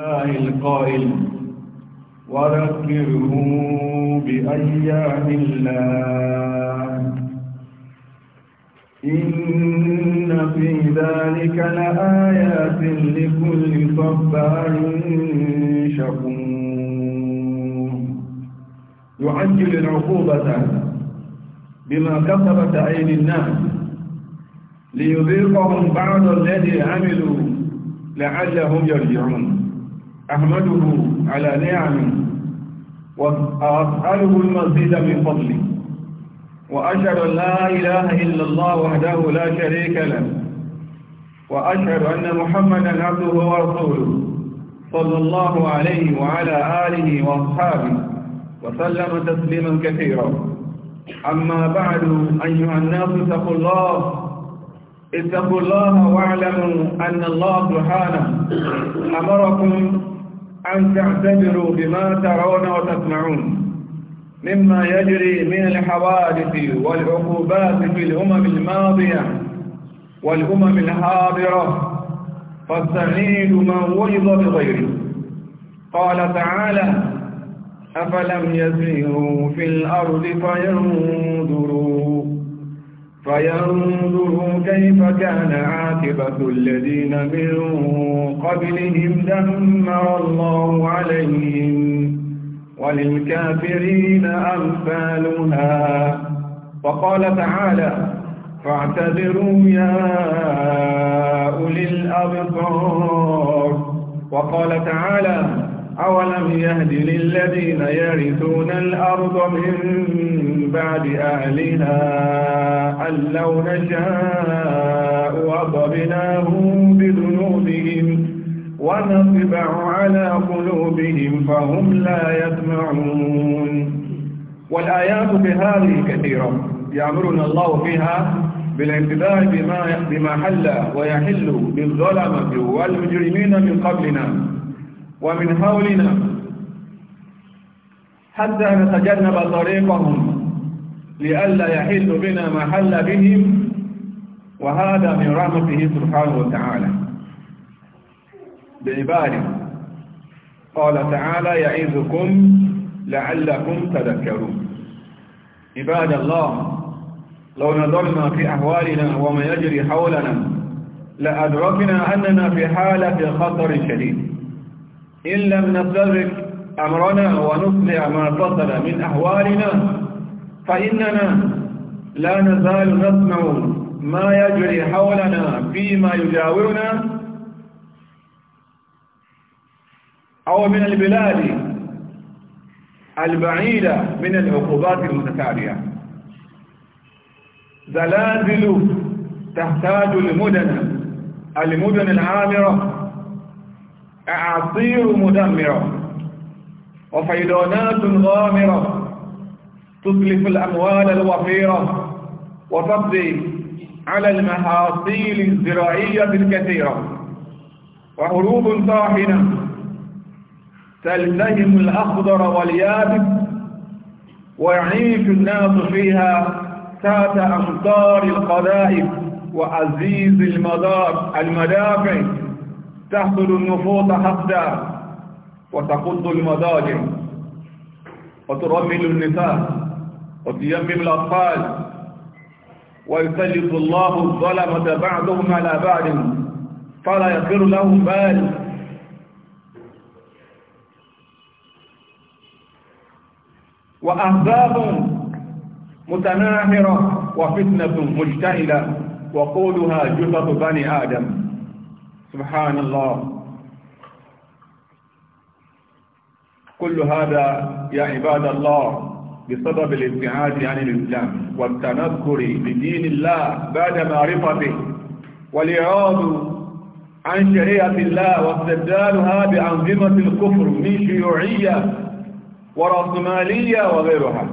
الله القائل وذكره بأيام الله إن في ذلك لآيات لكل صبار شكور يعجل العقوبة بما كسبت أيدي الناس ليذيقهم بعض الذي عملوا لعلهم يرجعون أحمده على نعمه وأسأله المزيد من فضله وأشهد أن لا إله إلا الله وحده لا شريك له وأشهد أن محمدا عبده ورسوله صلى الله عليه وعلى آله وأصحابه وسلم تسليما كثيرا أما بعد أيها الناس اتقوا الله اتقوا الله واعلموا أن الله سبحانه أمركم أن تعتبروا بما ترون وتسمعون مما يجري من الحوادث والعقوبات في الأمم الماضية والأمم الحاضرة فاستعيدوا من وجد بغيره قال تعالى أفلم يسيروا في الأرض فينظروا فينظروا كيف كان عاقبة الذين من قبلهم دمر الله عليهم وللكافرين أمثالها وقال تعالى فاعتذروا يا أولي الأبصار وقال تعالى أولم يهد للذين يرثون الأرض من بعد أهلها أن لو نشاء وضبناهم بذنوبهم ونطبع على قلوبهم فهم لا يسمعون والآيات في هذه كثيرة يأمرنا الله فيها بالانتباه بما بما حل ويحل بالظلمة والمجرمين من قبلنا ومن حولنا حتى نتجنب طريقهم لئلا يحل بنا ما حل بهم وهذا من رحمته سبحانه وتعالى بعباده قال تعالى يعظكم لعلكم تذكرون عباد الله لو نظرنا في أحوالنا وما يجري حولنا لأدركنا أننا في حالة خطر شديد إن لم نترك أمرنا ونطلع ما فصل من أحوالنا فإننا لا نزال نسمع ما يجري حولنا فيما يجاورنا أو من البلاد البعيدة من العقوبات المتتالية زلازل تحتاج المدن المدن العامرة أعصير مدمرة وفيضانات غامرة تتلف الأموال الوفيرة وتقضي على المحاصيل الزراعية الكثيرة وحروب طاحنة تلتهم الأخضر واليابس ويعيش الناس فيها تحت أمطار القذائف وعزيز المدافع تحصل النفوط حقدا وتقض المضاجع وترمل النساء وتيمم الأطفال ويسلط الله الظلمة بعضهم على بعض فلا يصير لهم بال وأحزاب متناهرة وفتنة مجتهلة وقولها جثث بني آدم سبحان الله كل هذا يا عباد الله بسبب الابتعاد عن الإسلام والتنكر بدين الله بعد معرفته والإعراض عن شريعة الله واستبدالها بأنظمة الكفر من شيوعية ورأسمالية وغيرها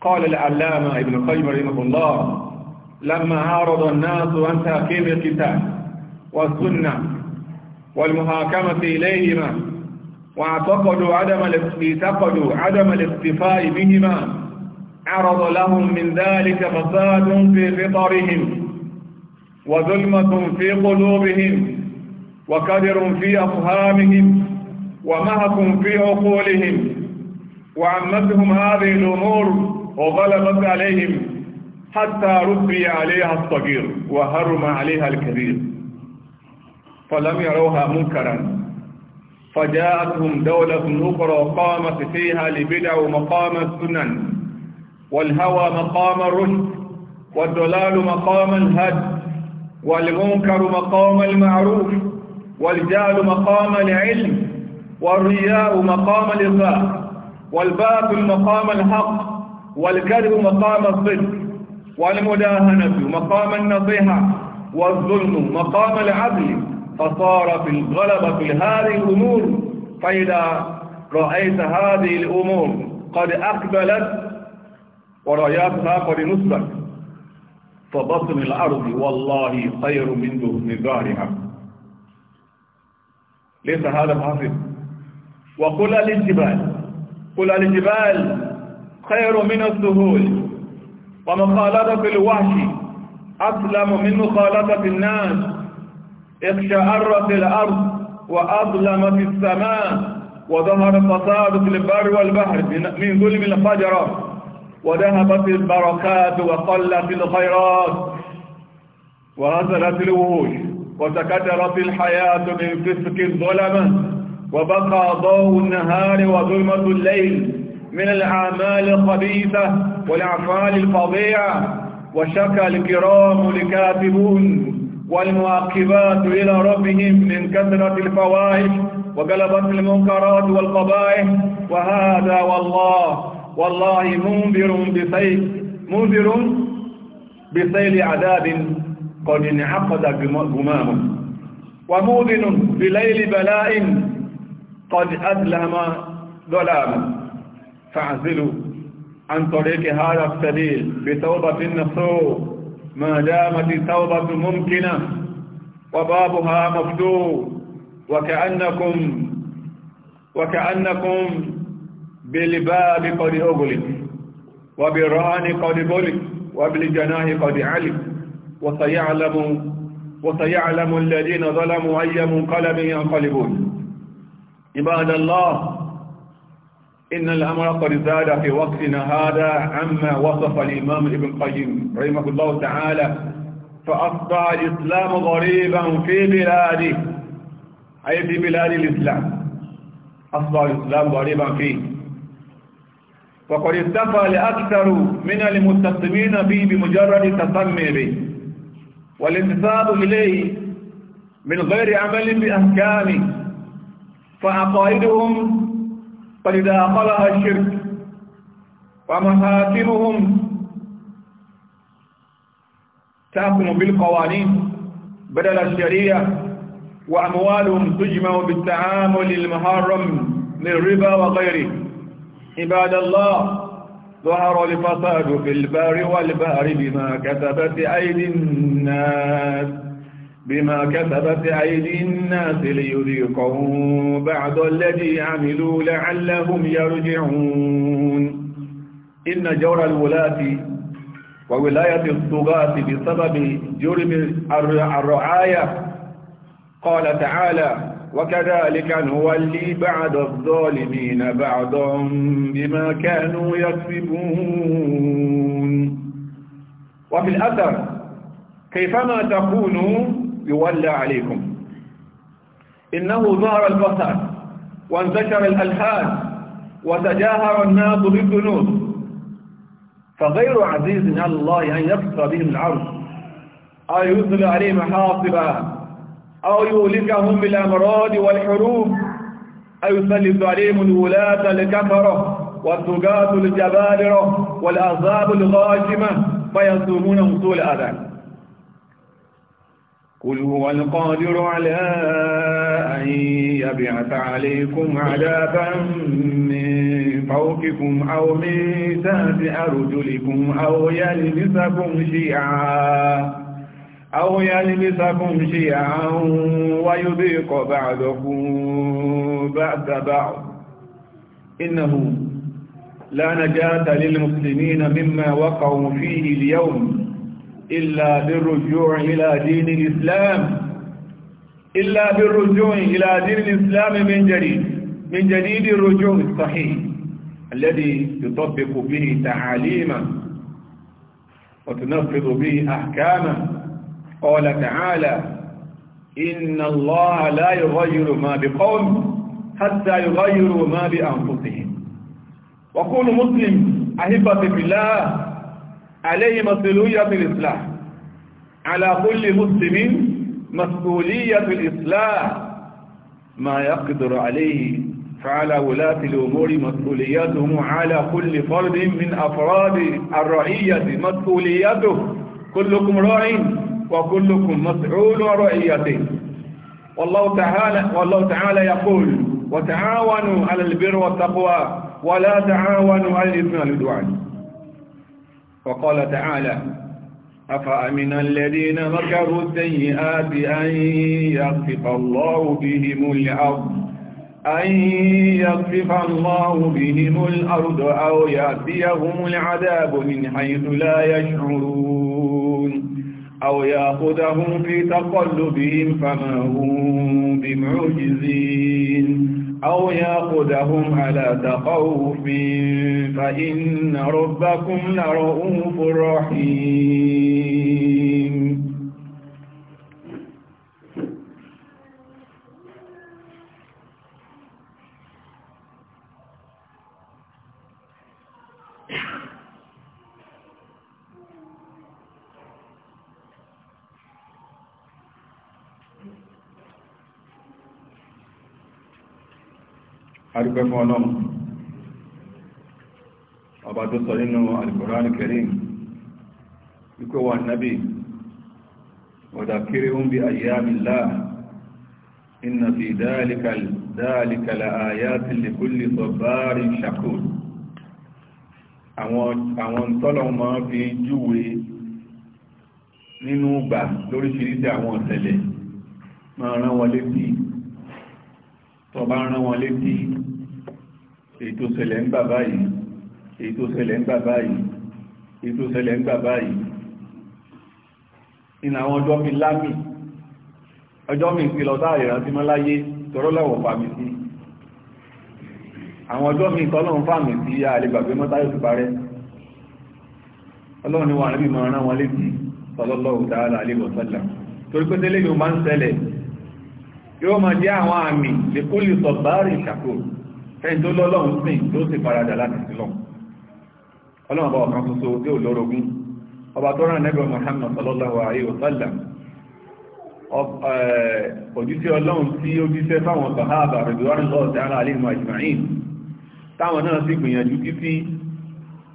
قال العلامة ابن القيم رحمه الله لما عارض الناس عن تاكيد الكتاب والسنة والمحاكمة إليهما واعتقدوا عدم اعتقدوا عدم الاكتفاء بهما عرض لهم من ذلك فساد في فطرهم وظلمة في قلوبهم وكدر في أفهامهم ومهك في عقولهم وعمتهم هذه الأمور وغلبت عليهم حتى ربي عليها الصغير وهرم عليها الكبير فلم يروها منكرا فجاءتهم دولة أخرى وقامت فيها لبدع مقام السنن والهوى مقام الرشد والضلال مقام الهد والمنكر مقام المعروف والجهل مقام العلم والرياء مقام الإخلاق والباطل مقام الحق والكذب مقام الصدق والمداهنة مقام النصيحة والظلم مقام العدل فصار في الغلبة في هذه الأمور فإذا رأيت هذه الأمور قد أقبلت ورأيتها قد نصبت فبطن الأرض والله خير من ظهرها ليس هذا فحسب وقل للجبال قل للجبال خير من الظهول ومخالطة الوحش أسلم من مخالطة الناس اقشعرت الأرض وأظلمت السماء وظهر فساد في البر والبحر من ظلم الفجر وذهبت البركات وقلت الخيرات وهزلت الوهوش وتكدرت الحياة من فسق الظلم وبقى ضوء النهار وظلمة الليل من الأعمال الخبيثة والأعمال الفظيعة وشكى الكرام الكاتبون والمؤكبات إلى ربهم من كثرة الفواحش وقلبت المنكرات والقبائح وهذا والله والله منذر بسيل منذر بسيل عذاب قد انعقد غمامه ومؤذن بليل بلاء قد أدلم ظلامه فاعزلوا عن طريق هذا السبيل بتوبة النصوح ما دامت التوبة ممكنة وبابها مفتوح وكأنكم وكأنكم بالباب قد أغلق وبالرآن قد بلق وبالجناه قد علق وسيعلم وسيعلم الذين ظلموا أي منقلب ينقلبون عباد الله إن الأمر قد زاد في وقتنا هذا عما وصف الإمام ابن قيم رحمه الله تعالى فأصبح الإسلام غريبا في بلاده أي في بلاد الإسلام أصبح الإسلام غريبا فيه وقد اكتفى لأكثر من المستسلمين به بمجرد التسمي به والانتساب إليه من غير عمل بأحكامه فعقائدهم قد داخلها الشرك ومهاتمهم تحكم بالقوانين بدل الشريعة وأموالهم تجمع بالتعامل المحرم للربا وغيره عباد الله ظهر الفساد في البر والبحر بما كسبت أيدي الناس بما كسبت أيدي الناس ليذيقهم بعض الذي عملوا لعلهم يرجعون إن جور الولاة وولاية الطغاة بسبب جرم الرعاية قال تعالى وكذلك نولي بعد الظالمين بعضا بما كانوا يكسبون وفي الأثر كيفما تكونوا يولى عليكم إنه ظهر الفساد وانتشر الألحاد وتجاهر الناس بالذنوب فغير عزيز على الله أن يقصى بهم العرش أو يرسل عليهم حاصبا أو يهلكهم بالأمراض والحروب أو يسلط عليهم الولاة الكفرة والثقات الجبابرة والأعذاب الغاشمة فيصومونهم طول أذان قل هو القادر على أن يبعث عليكم عذابا من فوقكم أو من تحت أرجلكم أو يلبسكم شيعا أو يلبسكم شيعا ويذيق بعضكم بعد بعض إنه لا نجاة للمسلمين مما وقعوا فيه اليوم إلا بالرجوع إلى دين الإسلام إلا بالرجوع إلى دين الإسلام من جديد من جديد الرجوع الصحيح الذي يطبق به تعاليما وتنفذ به أحكاما قال تعالى إن الله لا يغير ما بقوم حتى يغيروا ما بأنفسهم وكل مسلم أحبة بالله عليه مسؤولية الإصلاح على كل مسلم مسؤولية الإصلاح ما يقدر عليه فعلى ولاة الأمور مسؤولياتهم على كل فرد من أفراد الرعية مسؤولياته كلكم راع وكلكم مسؤول عن رعيته والله تعالى والله تعالى يقول وتعاونوا على البر والتقوى ولا تعاونوا على الإثم والعدوان وقال تعالى أفأمن الذين مكروا السيئات أن يغفق الله بهم الأرض أن يغفق الله بهم الأرض أو يأتيهم العذاب من حيث لا يشعرون أو يأخذهم في تقلبهم فما هم بمعجزين أو يأخذهم على تخوف فإن ربكم لرؤوف رحيم adúpẹ́ fún ọlọ́run ọba tó sọ nínú al-Qur'an al-Karim ikú wà nábì ọ̀dà kiri ń bí ayyamillah inna fi dhalika la ayatin li kulli sabarin shakur àwọn tọ́lọ̀ máa fi júwe nínú gbà lóríṣiríṣi àwọn ọ̀sẹ̀lẹ̀ máa rán wọn létí tọba rán wọn létí èyí tó ṣẹlẹ̀ ń gbà báyìí èyí tó ṣẹlẹ̀ ń gbà báyìí èyí tó ṣẹlẹ̀ ń gbà báyìí ìnà àwọn ọjọ́ mi lámì ọjọ́ mi ti lọ sáà ìrántí mọ́ láyé tọrọ lẹ́wọ̀ fàmì sí àwọn ọjọ́ mi tọ́lọ́run fàmì sí àlegbàgbé mọ́tá yóò ti parẹ́ ọlọ́run ni wà níbi ẹni tó lọ́lọ́run sìn tó sì faradà láti sílọ̀ ọlọ́run bá ọ̀kan ṣoṣo tí ò lórogún ọba tó rán nẹ́bẹ̀ Muhammad sallallahu alayhi wa sallam òjíṣẹ́ ọlọ́run tí ó jíṣẹ́ fáwọn sàhábà rẹ̀dùwárìn lọ́ọ̀ sí ara alayhi ajma'in táwọn náà sì gbìyànjú títí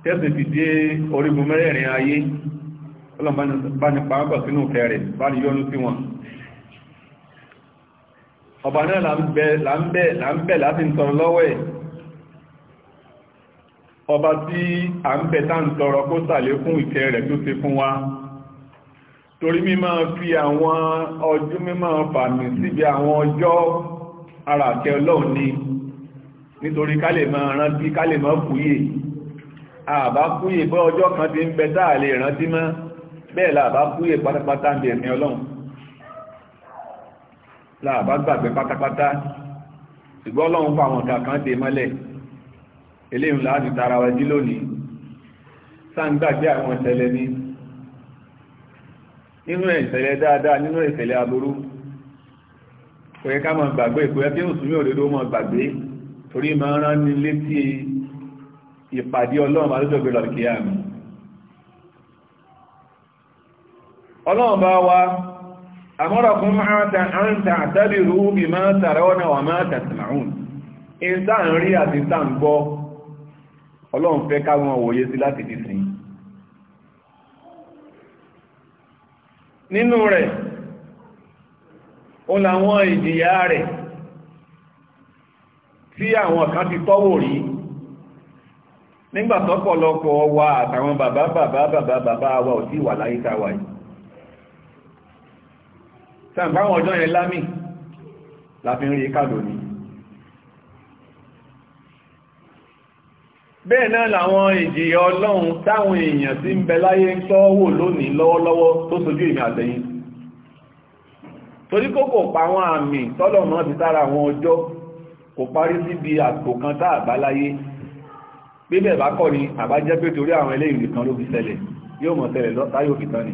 tẹ́sì ti dé orígun mẹ́rẹ̀ẹ̀rin ọba náà là ń bẹ̀ láti ń tọrọ lọ́wọ́ ẹ̀ ọba tí a ń bẹ̀ tá ń tọrọ kó sàlékún ìkẹ́ rẹ̀ tó ṣe fún wa torí mímọ́ fi àwọn ọjọ́ mímọ́ fàmì síbi àwọn ọjọ́ ara àkẹ́ ọlọ́run ni nítorí ká lè máa rántí ká lè máa kúyè àbá kúyè bọ́ ọjọ́ kan ti ń bẹ táà lè rántí mọ́ bẹ́ẹ̀ làbá kúyè pátápátá ń bẹ̀ẹ̀mí ọlọ́run láàbá gbàgbé pátápátá ṣùgbọ́n ọlọ́run pa àwọn ọ̀gá kan dé mọ́lẹ̀ eléyìí láti tara wa jí lónìí sáńgbàgbé àwọn ìṣẹ̀lẹ̀ ní nínú ìṣẹ̀lẹ̀ dáadáa nínú ìṣẹ̀lẹ̀ aburú kò yẹ ká máa gbàgbé kò yẹ kí mùsùlùmí òdodo máa gbàgbé torí máa rán ní létí ìpàdé ọlọ́run alójọ́gbé lọ́kìá mi ọlọ́run bá wá amọ́rọ̀kún an tàbí rúbí máa tàrà ọ́nà wà máa tàtàmàún in sáà ń rí àti sáà ń gbọ́ ọlọ́run fẹ́ káwọn wòye sí láti ti sin nínú rẹ̀ o làwọn ìjìyà rẹ̀ tí àwọn kan ti tọ́wò rí nígbàtọ́pọ̀lọpọ̀ wa àtàwọn bàbá bàbá bàbá bàbá wa ò sí wà láyíká wa yìí sàǹfàwọn ọjọ́ yẹn lámì láfi ń rí kàdò ní bẹ́ẹ̀ náà làwọn ìjìyà ọlọ́run táwọn èèyàn tí ń bẹ láyé ń tọ́wò lónìí lọ́wọ́lọ́wọ́ tó sojú ìmì àtẹ̀yìn torí kó kò pa àwọn àmì tọ́lọ̀mọ́ ti tára àwọn ọjọ́ kò parí síbi àpò kan tá àbáláyé bíbẹ̀ bá kọ́ ni àbájẹ́ pé torí àwọn eléyìí nìkan ló fi ṣẹlẹ̀ yóò mọ̀ ṣẹlẹ̀ lọ́tá yóò fi tán ni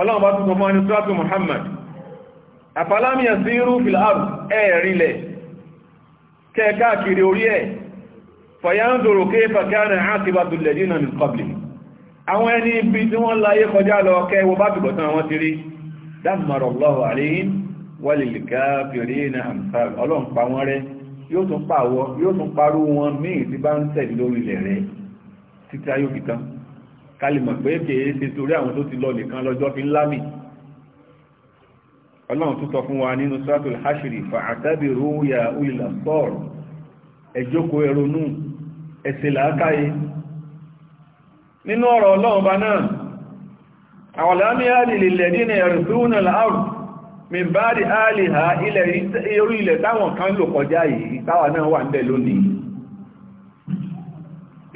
ọlọ́run bá túnkọ mọ́ ní sọ́tù Muhammad àfàlámì yasiru fil ard ẹ̀ẹ̀rinlẹ̀ kẹ́ẹ̀káàkiri orí ẹ̀ fayanzuru kayfa kana aqibatu alladhina min qablihim àwọn ẹni ibi tí wọ́n láyé kọjá lọ kẹwọ bá tùbọ̀tán àwọn ti rí dammara yóò tún pàwọ́ yóò tún parú wọn míì tí lórí ilẹ̀ títí ayókìtán kálìmọ̀ pé kèé ṣe torí àwọn tó ti lọ nìkan lọ́jọ́ fi ńlá mi ọlọ́run tó sọ fún wa nínú suratul hashiri fa'atabiru ya ulil absar ẹ jókòó ẹ ronú ẹ ṣe làákàyè nínú ọ̀rọ̀ ọlọ́run bá náà àwọ̀lámi àdìlì lẹ́dínà ẹ̀rùsúnà láàrùn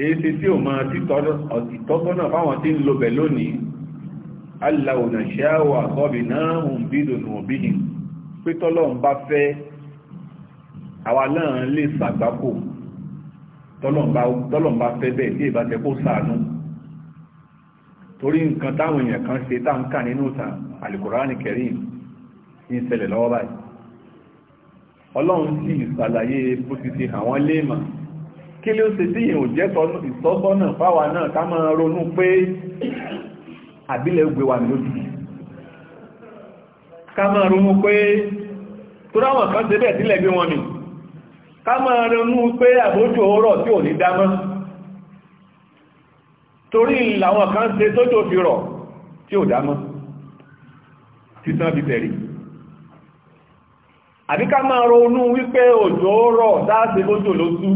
èéṣe tí ò máa títọ́sọ́nà fáwọn tí ń lo bẹ̀ lónìí aláwòrán ṣáàwà gọ́bì náà ń bí dùnú òbí ni pé tọ́lọ́run bá fẹ́ àwa náà lè ṣàgbákò tọ́lọ́run bá fẹ́ bẹ́ẹ̀ bí ìbá tẹ́ kó sàánú torí nǹkan táwọn èèyàn kan ṣe tá ń kà nínú ìtàn àlìkùránì kẹrin ní ìṣẹ̀lẹ̀ lọ́wọ́ báyìí ọlọ́run sì ṣàlàyé bó ti ṣe àwọn léèmọ̀ kí ló ṣe tí ìhùn jẹ́ ìsọ́sọ́nà fáwa náà ká máa ronú pé àbílẹ̀ gbé wa lójú ká máa ronú pé tó ráwọn kan ṣe bẹ́ẹ̀ sílẹ̀ bí wọn ni ká máa ronú pé àbójú ọrọ̀ tí ò ní dámọ́ torí làwọn kan ṣe tójò fi rọ̀ tí ò dámọ́ títán fi tẹ̀rí àbí ká máa ronú wípé òjò rọ̀ dáàṣe bójò ló tú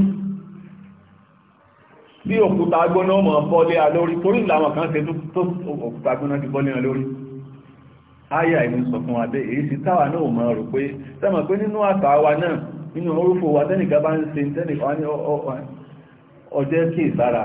bí òkúta agbóná mọ̀ bọ́lé alórí torí ìlànà kan ṣe tó òkúta agbóná ti bọ́lé alórí ayà ìlú sọ fún èyí sí táwà náà mọ̀ rò pé sẹ́mọ̀ pé nínú àtà wa náà nínú orúfò wa tẹ́nìká bá ń se tẹ́nìká ní ọjẹ́ kí ìsára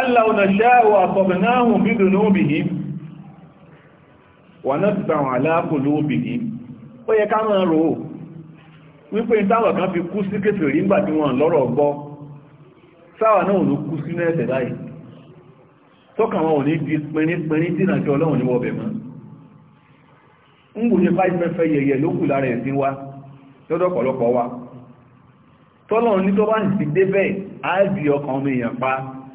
Allah na ṣáwà àtọ̀bìnáhùn bí dùnúbìhì wà náà tàwọn aláàkùnlóbìhì ó yẹ ká máa rò wípé táwọn kan fi kú sí kéfèé rí nígbàtí wọn lọ́rọ̀ gbọ́ sáwà náà ló kú sí mẹ́ẹ̀sẹ̀ láì tọ́kà wọn ò ní di pẹ̀rípẹ̀rí tí ní tó bá ń ti débẹ̀ á di ọkàn ọmọ èèyàn pa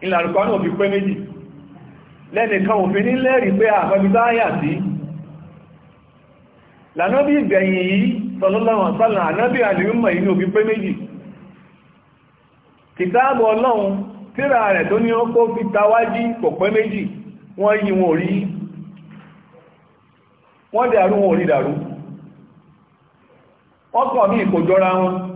ìlàrùkọ́ náà fi pé méjì lẹ́nìkan òfin ní lẹ́rìí pé àmọ́bítáyà sí lànàbí ìgbẹ̀yìn yìí sọlọ́lọ́wọ̀n sálà ànábí àlèmọ̀ inú òfin pé méjì kìtàbọ̀ ọlọ́run tíra rẹ̀ tó ní ọkọ́ fi tawájí méjì wọ́n yí wọn wọ́n dàrú wọn dàrú ọkọ̀ mi jọra wọn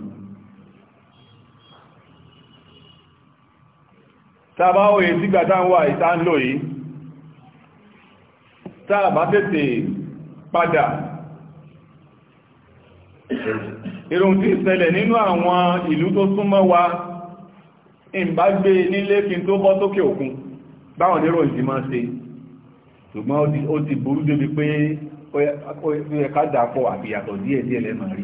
tàbá òye sígbà tá ń wà ìta ń lò yìí tàbá tètè padà ìrùn tí ìṣẹ̀lẹ̀ nínú àwọn ìlú tó súnmọ́ wa ìmbá gbé nílé kí n tó bọ́ sókè òkun báwọn nírò ìjì máa ṣe ṣùgbọ́n ó ti burú débi pé ó yẹ ká dàpọ̀ àbìyàtọ̀ díẹ̀ díẹ̀ lẹ́mà rí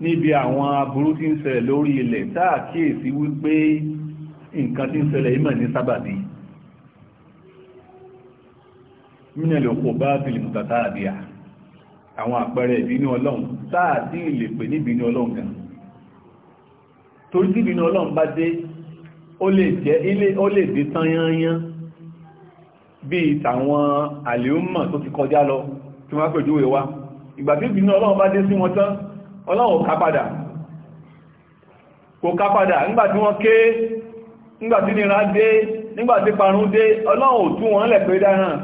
níbi àwọn aburú tí ń ṣẹlẹ̀ lórí ilẹ̀ táà kíyèsí wípé nǹkan tí ń ṣẹlẹ̀ ìmọ̀ ní sábàbí mínẹ̀lẹ̀ òkú bá bìlì mùtàtà àbíyà àwọn àpẹẹrẹ ìbínú ọlọ́run táà tí lè pè ní ìbínú ọlọ́run gan torí tí ìbínú ọlọ́run bá dé ó lè jẹ́ ilé ó lè dé tán yányán bíi tàwọn àlèúmọ̀ tó ti kọjá lọ tí wọ́n pèjúwe wá ìgbà tí ìbínú ọlọ́run bá dé sí wọn tán ọlọ́run ká kò ká nígbà tí wọ́n ké nígbàtí nira dé nígbàtí parun dé ọlọ́run ò tú wọn lẹ̀ pé dáhàn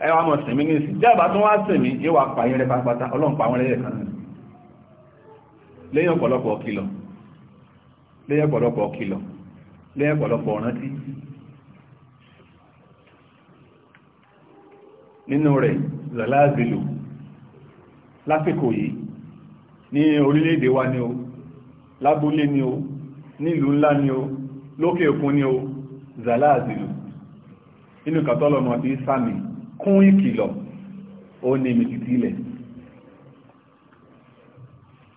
ẹwà mọ̀ sẹ̀mí ní sí jẹ́bà tó wá sẹ̀mí yíwa pààyàn rẹ̀ pátápátá ọlọ́run pàwọn rẹ̀ kan lẹ́yìn ọ̀pọ̀lọpọ̀ kìlọ̀ lẹ́yìn ọ̀pọ̀lọpọ̀ kìlọ̀ lẹ́yìn ọ̀pọ̀lọpọ̀ rántí nínú rẹ̀ zalazilu lásìkò yìí ní orílẹ̀-èdè wa ni o lábúlé ni o nílùú ńlá ni o lókè òkun ni o zalazilu inú kàtọ́lọ̀ mọ̀ sí sàmì kún ìkìlọ̀ ó ní mìtìtì ilẹ̀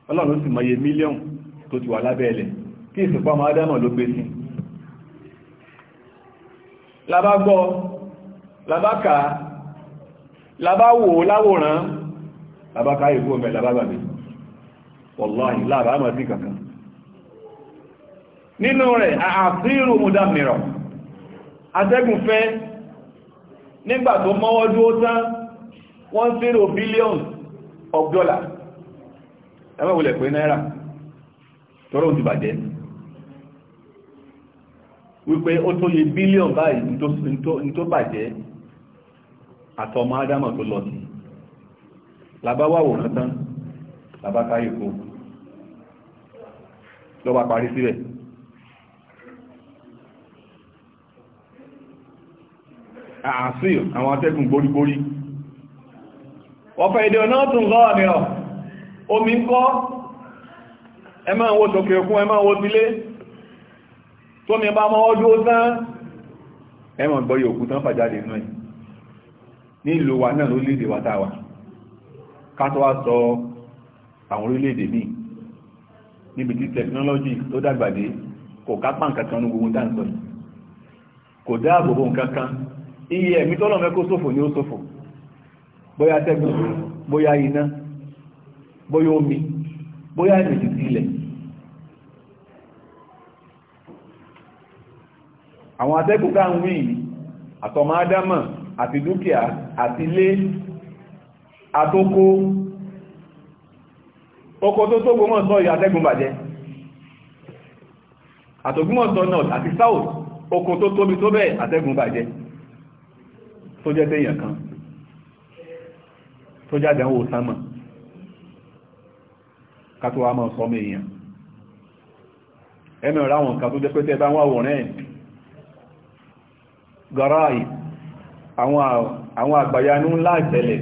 ọlọ́run sì mọye mílíọ̀n tó ti wà lábẹ́ ilẹ̀ tí ìsìnkú ọmọ adámọ̀ ló gbé sí labágbọ́ labáka labáwò láwòrán labáka ìfúnbẹ̀ labábàbí wọ́lọ́hìn láàbá mọ̀ sí kankan nínú rẹ̀ àfírù múdàmìrọ̀ atẹ́gùn fẹ́ nígbà tó mọ́wọ́ dúó tán wọ́n zero billion of dollar ẹmẹ́wòlẹ̀ pé náírà tọ́rọ ti bàjẹ́ wípé ó tó yẹ billion báyìí ní tó bàjẹ́ àtọmọ ádámọ̀ tó lọ sí làbáwàwò rántán làbákáyè kó lọ́wà parí síbẹ̀ àásìr àwọn atẹ́gùn gborígborí wọ́pẹ̀ èdè ọ̀nà tún gọ́ ọ̀nìyàn omi ń kọ́ ẹ máa wo tòkè òkun ẹ máa wo tilé tó mi bá mọ́ ọdún ó tán ẹ máa gbọ́ yòókù tán fàjáde náà ní ìlú wa náà lórílẹ̀-èdè wa táwa ká tó wá sọ àwọn orílẹ̀-èdè míì níbi tí tẹkinọ́lọ́jì tó dàgbàdé kò kápá nǹkan kan ní gbogbo dáńtọ́ kò dáàbòbò nǹkan kan iye ẹ̀mí tọ́lọ̀ mẹ́kó ṣòfò ni ó ṣòfò bóyá tẹ́gùn bóyá iná bóyá omi bóyá ìrìnjì sílẹ̀ àwọn atẹ́gùn ká ń wí àtọmọ ádámà àti dúkìá àti ilé àtókó oko tó tó gbọmọ̀ sọ ìyà atẹ́gùn bàjẹ́ àtògbọmọ̀ sọ north àti south oko tó tóbi tó bẹ́ẹ̀ atẹ́gùn bàjẹ́ tó jẹ́ tẹ́yàn kan tó jáde àwọn òsánmà kátó wá máa sọmọ èèyàn ẹmẹ ọ̀rá àwọn nǹkan tó jẹ́ pé tẹ́ bá wà wọ̀rẹ́ ẹ̀ gọ́ráì àwọn àgbàyanú ńlá ìtẹ̀lẹ̀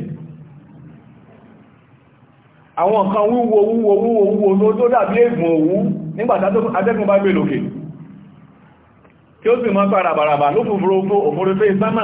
àwọn nǹkan wúwo wúwo wúwo wúwo tó dàbí ègbò òwú nígbàtà atẹ́kùn bá gbé lókè tí ó sì mọ́ pàràbàràbà ló fòfòrò òfòrò fẹ́ ìsámà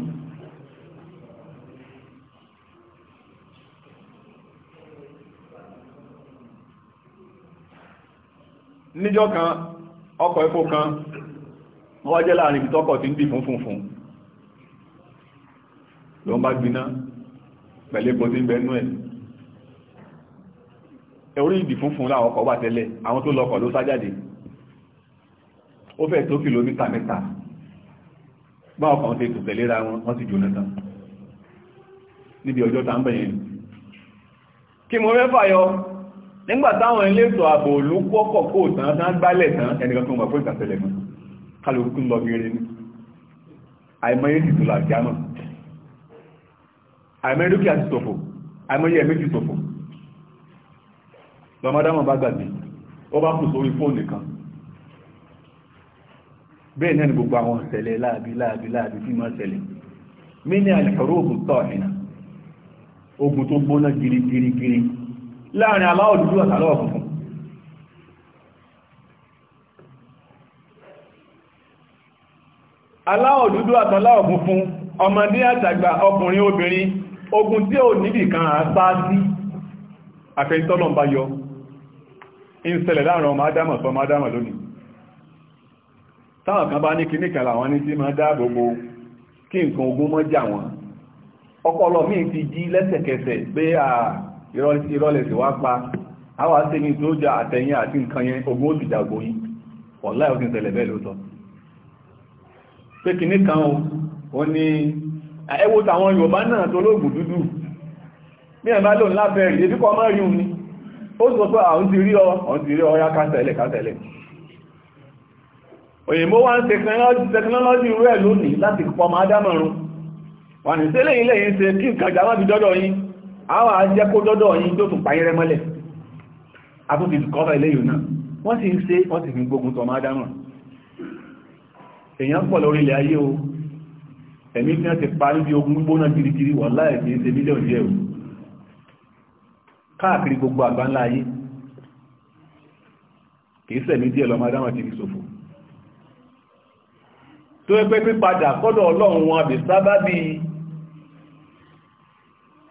níjọ́ kan ọkọ̀ epo kan wọ́n wájẹ́ láàrin ìtọ́kọ̀ tí ń dì fún funfun ló ń bá gbiná pẹ̀lú epo tí ń bẹnú ẹ̀ orí ìdì funfun láwọn ọkọ̀ wà tẹ́lẹ̀ àwọn tó lọkọ̀ ló sájáde ó fẹ́ tó kìlómítà mẹ́ta bá ọkọ̀ ti tò tẹ̀léra wọn wọ́n ti jóná tán níbi ọjọ́ tá ń bẹ̀yẹn kí mo fẹ́ fàyọ nígbà táwọn elétò ààbò òlú pọ́kọ̀ kó tán tán gbálẹ̀ tán ẹnìkan tó mọ̀ fún ìtàtẹ̀lẹ̀ mọ́ kálukú lọ gírí ní àìmọye sì tó làjá náà àìmọye dúkìá ti ṣòfò àìmọye ẹ̀mí ti ṣòfò lọmọdámọ̀ bá gbàgbé ó bá kù sórí fóònù kan bẹ́ẹ̀ náà ni gbogbo àwọn ìṣẹ̀lẹ̀ láàbí láàbí láàbí tí máa ṣẹlẹ̀ mí ní àlẹ̀kọ̀rọ̀ ògùn tọ̀ ẹ̀nà ogun tó gbóná girigirigiri láàrin aláwọ̀ dúdú àtàlọ́wọ̀ funfun aláwọ̀ dúdú àtàlọ́wọ̀ funfun ọmọdé àtàgbà ọkùnrin obìnrin ogun tí níbì kan àpáàdí àfẹ́sọ́lọ́m bá yọ in láàrin ọmọ adámọ̀ sọ ọmọ lónìí bá ní làwọn ti jí lẹ́sẹ̀kẹsẹ̀ pé àà ìrọ̀lẹ̀ sí wá pa àwọn àtẹ́yìn tó jà àtẹ́yìn àti nǹkan yẹn ogun ó sì jàgbó yìí ọ̀lá ẹ̀ ó ti ṣẹlẹ̀ bẹ́ẹ̀ lóòótọ́ pé kìíní kan ó ní ẹwọ́ tàwọn Yorùbá náà tó lóògùn dúdú bí ẹ̀ bá lòun lábẹ́rì ebi kọ́ mọ́ rí ni ó sọ pé òyìnbó wá ń tẹkinọ́lọ́jì rẹ̀ lónìí láti pọ̀ máa dámọ̀rún wà ní tẹ́lẹ̀ ilẹ̀ yìí ṣe kí nǹkan jà má dọ́dọ̀ yín àwà jẹ́ kó dọ́dọ̀ yìí tó tún pàyẹrẹ mọ́lẹ̀ àtúntì kọ́fà ilé yìí náà wọ́n sì ń ṣe wọ́n sì fi gbógun tọ́ máa dámà èyàn pọ̀ lórí ilẹ̀ ayé o ẹ̀mí tí wọ́n ti parí bí ogun gbóná kirikiri wọ́n láì fi ṣe mílíọ̀n jẹ́ o káàkiri gbogbo àgbá ńlá ayé kìí sẹ̀mí díẹ̀ lọ máa dámà ti fi ṣòfò tó ẹgbẹ́ pípadà kọ́dọ̀ ọlọ́run wọn àbẹ̀ sábábí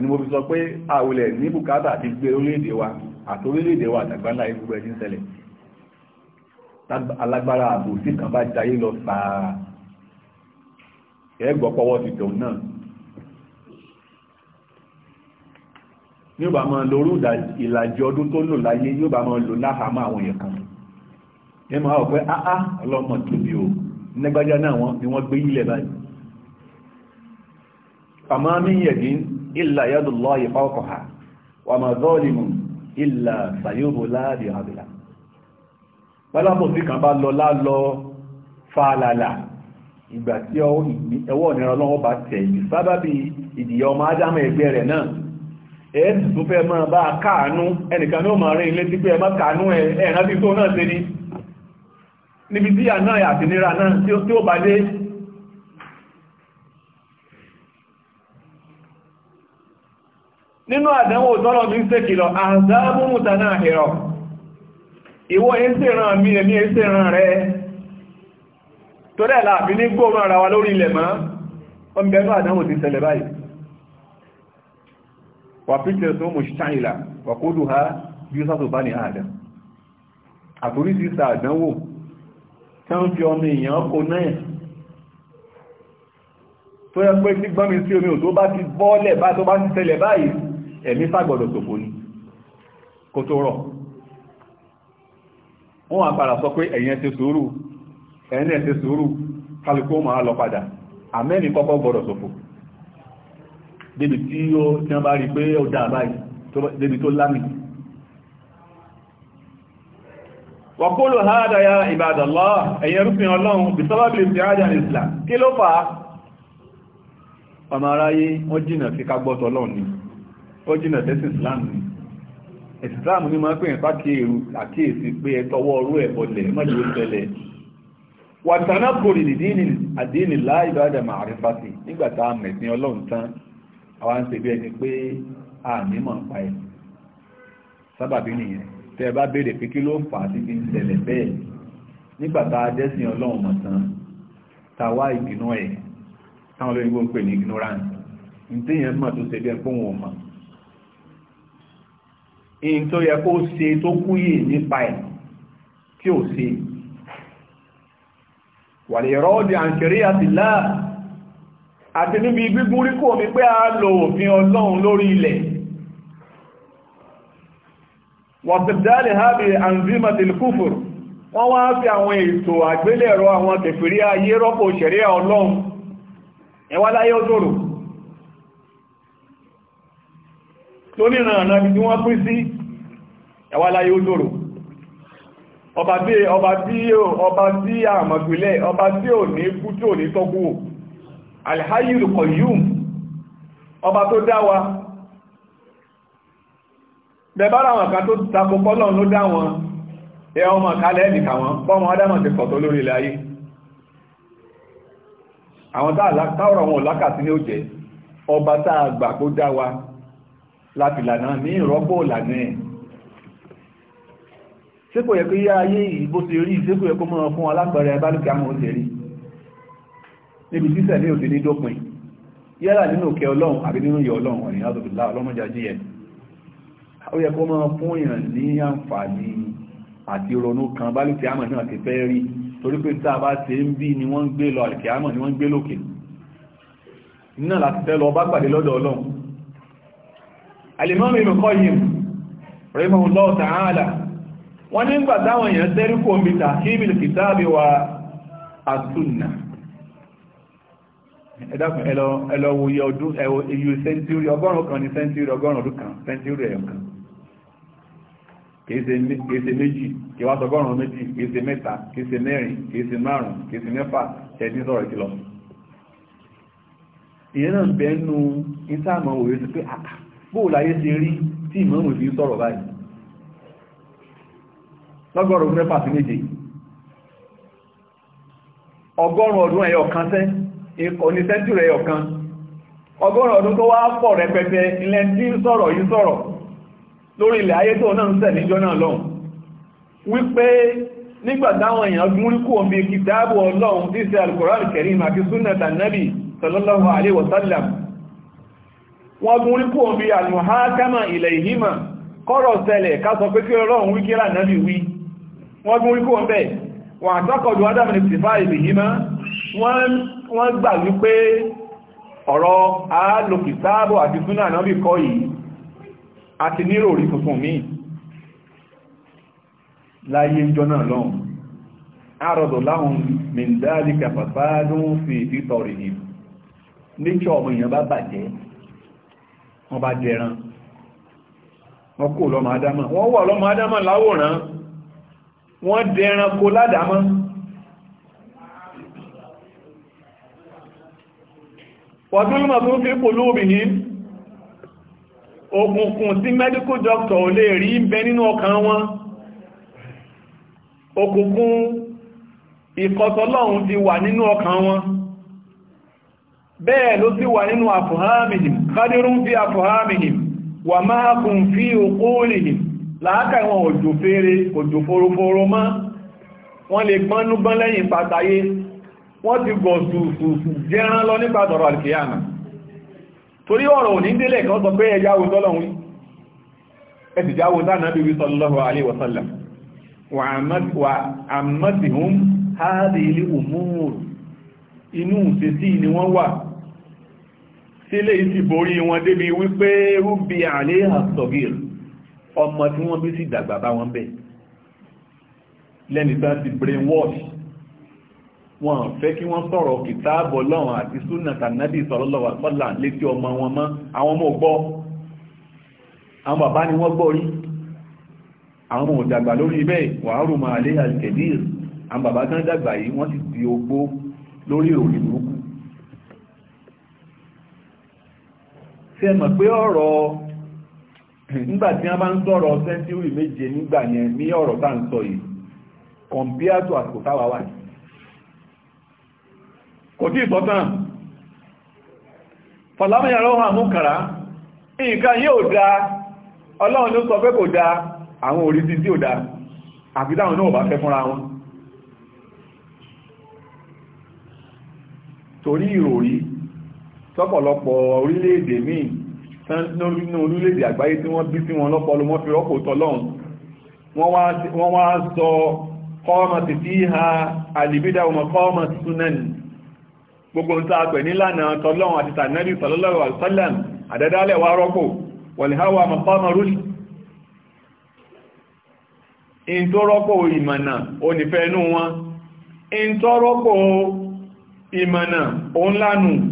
ni mo fi sọ pé àwòlẹ̀ ní bùkátà àti gbé orílẹ̀-èdè wa àti orílẹ̀-èdè wa àtàgbàlá ìgbogbo ẹ̀dín ṣẹlẹ̀ alágbára ààbò sí kan bá jayé lọ sàá ẹgbọ́ pọ́wọ́ ti tòun náà ní ọba máa lórú ìlàjì ọdún tó lò láyé ní ọba máa lò láhàámọ́ àwọn èèyàn kan ẹ máa wọ̀ pé áá ọlọ́mọ tóbi o nígbàjá náà ni wọ́n gbé ilẹ̀ báyìí àmọ́ mí yẹ̀dín illa yadullahi fawqaha wa ma zalimun illa sayubla bi abila balabo bi kan bá lọ la lọ falala ìgbà tí ọwọ́ ìnira ọlọ́wọ́ bá tẹ̀ ìdí sábàbí ìdìyà ọmọ ádámọ̀ ẹgbẹ́ rẹ̀ náà ẹ̀ẹ́sì tó fẹ́ máa bá ma ẹnìkan ní ó máa ma kaanu tí n'i ya nira nínú àdánwò tọ́lọ̀ ní sẹ́kìlọ̀ àzáàmù mùtànà àhìrọ̀ ìwọ ẹ́sẹ̀ràn mi ẹ̀mí ẹ́sẹ̀ràn rẹ̀ torí ẹ̀lá àbí ní gbóòrùn ara wa lórí ilẹ̀ mọ́ ọmọbẹ̀ẹ́nú àdánwò ti ṣẹlẹ̀ báyìí wà pítẹ̀ tó mú ṣáìlà wà kó dù ha bí ó sátò bá ní àdá àtorí sí sa àdánwò tán fi ọmọ èèyàn kò náà tó yẹ pé tí gbọ́mi sí omi ò tó bá ti bọ́ọ̀lẹ̀ bá tó bá ti ṣẹlẹ̀ báyìí ẹ̀mí fàgbọ̀dọ̀ tòfò ni kò tó rọ̀ wọ́n wà padà sọ pé ẹ̀yin ṣe suru ẹ̀yin ṣe sùúrù kálukú máa lọ padà àmẹ́ni kọ́kọ́ gbọ́dọ̀ sòfò débi tí ó tí wọ́n bá rí pé ó dáa báyìí débi tó lámì wàkólò hádà ya ìbàdàlọ́ rúfin ọlọ́run bí sábàbí ti hádà ní Islam kí ló fà á ọmọ aráyé wọ́n jìnà sí ká gbọ́tọ̀ ọlọ́run ni ó jìnà tẹ́sí islam ni islam ní máa pèyàn pàkíyèrú àkíyèsí pé ẹtọwọ́ orú ẹ̀ bọlẹ̀ mọ́jú tẹ́lẹ̀ wàtánà kòrì nìdíni àdínì láìbáda màrífàtì nígbà mẹ̀sìn ọlọ́run tán ṣe bí a pa ẹ̀ sábàbí nìyẹn tẹ́ bá pé kí ló fà á sí fi ń bẹ́ẹ̀ a ọlọ́run mọ̀ tán ìgbìnú ẹ̀ táwọn olóyìnbó ń pè ní ignorance mọ̀ tó ṣe bí ẹ in tó yẹ kó ṣe tó kúyè nípa ẹ̀ tí O ṣe wà lè rọ́ọ̀dì àǹkẹ̀rí àti láà àti níbi gbígún ríkò mi pé a lo òfin ọlọ́run lórí ilẹ̀ wàtàdálì hábi àǹzímàtìl kúfùrù wọ́n wá fi àwọn ètò àgbélẹ̀rọ àwọn kèfèrí ayé rọ́pò ṣẹ̀ríà ọlọ́run ẹwà láyé ó tòrò tó níran àná bí wọ́n pín sí ẹwà láyé ó lòrò ọba tí ọba tí ọba tí àmọ̀gbìlẹ̀ ọba tí ò ní kú tí ò ní tọ́kú alhayyul qayyum ọba tó dá wa bẹ̀bára àwọn kan tó tako kọ́lọ̀ ló dá wọn ẹ ọmọ kalẹ̀ ẹ̀dìkà wọn pọ́mọ adámọ̀ ti kọ̀tọ́ lórí ilẹ̀ ayé àwọn táàrọ̀ wọn lákàtí ní ó lábìlànà ní ìrọ́pò ìlànà ẹ̀ ṣé kò yẹ kó yá ayé yìí bó ti rí ṣé kò yẹ kó múra fún alápẹẹrẹ bálùkì àmọ́ ó ti rí níbi títẹ̀ ní òde ní dópin yálà nínú òkè ọlọ́run àbí nínú ìyà ọlọ́run ọ̀nìyàn àdùbìlá ọlọ́mọjà jíyẹ ó yẹ ni wọ́n ń gbé lọ àlùkì àmọ́ ni wọ́n ń Al-Imam Ibn Qayyim ta'ala wọ́n ní gbà táwọn èèyàn tẹ́rí kò mi tahkimil kitabi wa as-sunnah ẹ̀dàkùn ẹlọ́wọ́ iye ọdún iye sẹ́ntúrì ọgọ́rùn kan ní sẹ́ntúrì ọgọ́rùn ọdún kan sẹ́ntúrì ẹ̀yọ̀kan kèése méjì kèwà sọgọ́rùn méjì kèése mẹ́ta kèése mẹ́rin kèése márùn kèése mẹ́fà ẹ̀dín sọ̀rọ̀ ìkìlọ̀ ìyẹn pé àkà bóò láyé rí tí ìmọ̀mù fi sọ́rọ̀ báyìí lọ́gọ́rùn mẹ́fà sí méje ọgọ́rùn ọdún ẹyọ kan sẹ́ ní sẹ́ńtúrì ẹyọ kan ọgọ́rùn tó wá pọ̀ rẹpẹtẹ ilẹ̀ tí sọ̀rọ̀ yìí náà ń sẹ̀ náà wípé nígbà táwọn èèyàn gún omi kìtàbù ọlọ́run tí alukọ̀rọ̀ màkí súnà wọ́n gún rí kúrò bí alùhákámà ilẹ̀ ìhímà kọ́rọ̀ sẹlẹ̀ kásọ pé kí ọlọ́run wí kí lànàbì wí wọ́n gún rí kúrò bẹ́ẹ̀ wọ́n àtọ́kọ̀dù adámi tìfà ilẹ̀ ìhímà wọ́n gbà wípé ọ̀rọ̀ alòkìtáàbò àti súnà ànábì kọ́ yìí àti nírò orí tuntun míì láyé ìjọ náà ọmọ èèyàn bá bàjẹ́ wọ́n bá dẹran wọ́n kò lọ́mọ adámà wọ́n wà lọ́mọ adámà láwòrán wọ́n dẹran kó ládámọ́ wàdúlùmọ̀ tó fi pò lóòbì ní òkùnkùn tí medical doctor ò lè rí bẹ nínú ọkàn wọn òkùnkùn ìkọtọlọ́run ti wà nínú ọkàn wọn bẹ́ẹ̀ ló wà nínú khadirun fi afhamihim wa máa kùn fi uqulihim láàkà ìwọ̀n òjò fèrè òjò foroforo mọ́ wọ́n lè lẹ́yìn pataye wọ́n ti gọ̀ sùsùsù jẹ́rán lọ nípa tọ̀rọ̀ torí ọ̀rọ̀ òní ka kan sọ pé ẹjáwó tọ́lọ̀wí ẹ̀sì sallallahu alaihi sallam wa ni tí lè ti borí wọn débi wípé rúbi àlẹ́ àsọ̀gìr ọmọ tí wọ́n bí sí dàgbà bá wọn bẹ̀ lẹ́ni tá ti brainwash wọn fẹ́ kí wọ́n sọ̀rọ̀ kìtààbọ̀ lọ́wọ́n àti súnà tànàbì sallallahu alaihi wasallam létí ọmọ wọn mọ́ àwọn ọmọ gbọ́ àwọn bàbá ni wọ́n gbọ́ rí àwọn ọmọ ìdàgbà lórí ibẹ̀ ṣe mọ̀ pé ọ̀rọ̀ nígbà a bá ń sọ̀rọ̀ sẹ́ńtírì méje nígbà yẹn ní ọ̀rọ̀ tá ń sọ yìí kọ̀m̀píà tó àsìkò táwa wà yìí kò tí ìtọ́tàn fọ̀lámìyàn lọ́wọ́ àmúkàrá nǹkan yóò dá ọlọ́run ló sọ sọ́pọ̀lọpọ̀ orílẹ̀-èdè míì nínú orílẹ̀-èdè àgbáyé tí wọ́n bí sí wọn lọ́pọlọ wọ́n fi rọ́pò tọ́lọ́run wọ́n wá sọ kọ́ọ̀mọ̀ ti fi ha àlìbídà ọmọ kọ́ọ̀mọ̀ súnẹ́nì gbogbo ń sáà pẹ̀ nílànà tọ́lọ́run àti tànẹ́bí sallallahu alaihi wasallam àdẹ́dálẹ̀ wá rọ́pò wọ̀lẹ̀háwà mọ̀kọ́mọ̀ rúṣì in tó rọ́pò ìmọ̀nà onífẹ́ inú wọn in tó rọ́pò ìmọ̀nà òun lánùú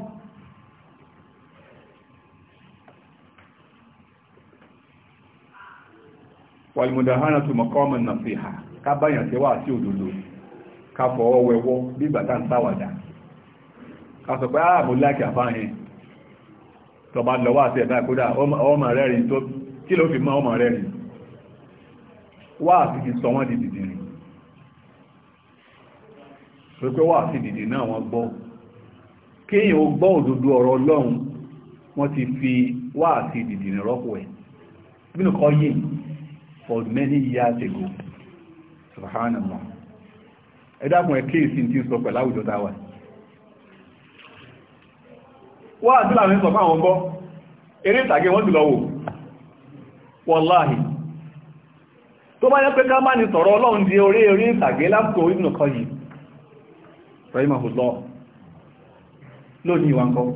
wàlìmọ̀dáhánà tó mọ̀kọ́mọ̀ nà hà ká báyàn òdòdó ká fọwọ́ bí ìgbàtà ń sáwàdà ká sọ pé ààbò láìkì àfáàyìn tọba lọ́wọ́ àti ẹ̀dá kódà ọmọ rẹ̀rin tó kí ló fi mọ́ ọmọ di dìdì rìn pé wà sí wọ́n gbọ́ òdòdó ọ̀rọ̀ ọlọ́run wọ́n ti fi wà sí for many years ago subhanallah ẹ dákun ẹ kéèsì tí ń sọ pẹ̀lú àwùjọ tá a wà wọ́n àti láàrin sọ fáwọn ọgbọ́ eré ìtàgé wọ́n ti lọ wò wọ́láhì tó bá yẹ́ pé ká má ní sọ̀rọ̀ ọlọ́run di orí eré ìtàgé lápò ìdùnnà kan yìí rahimahullah lónìí wa ń kọ́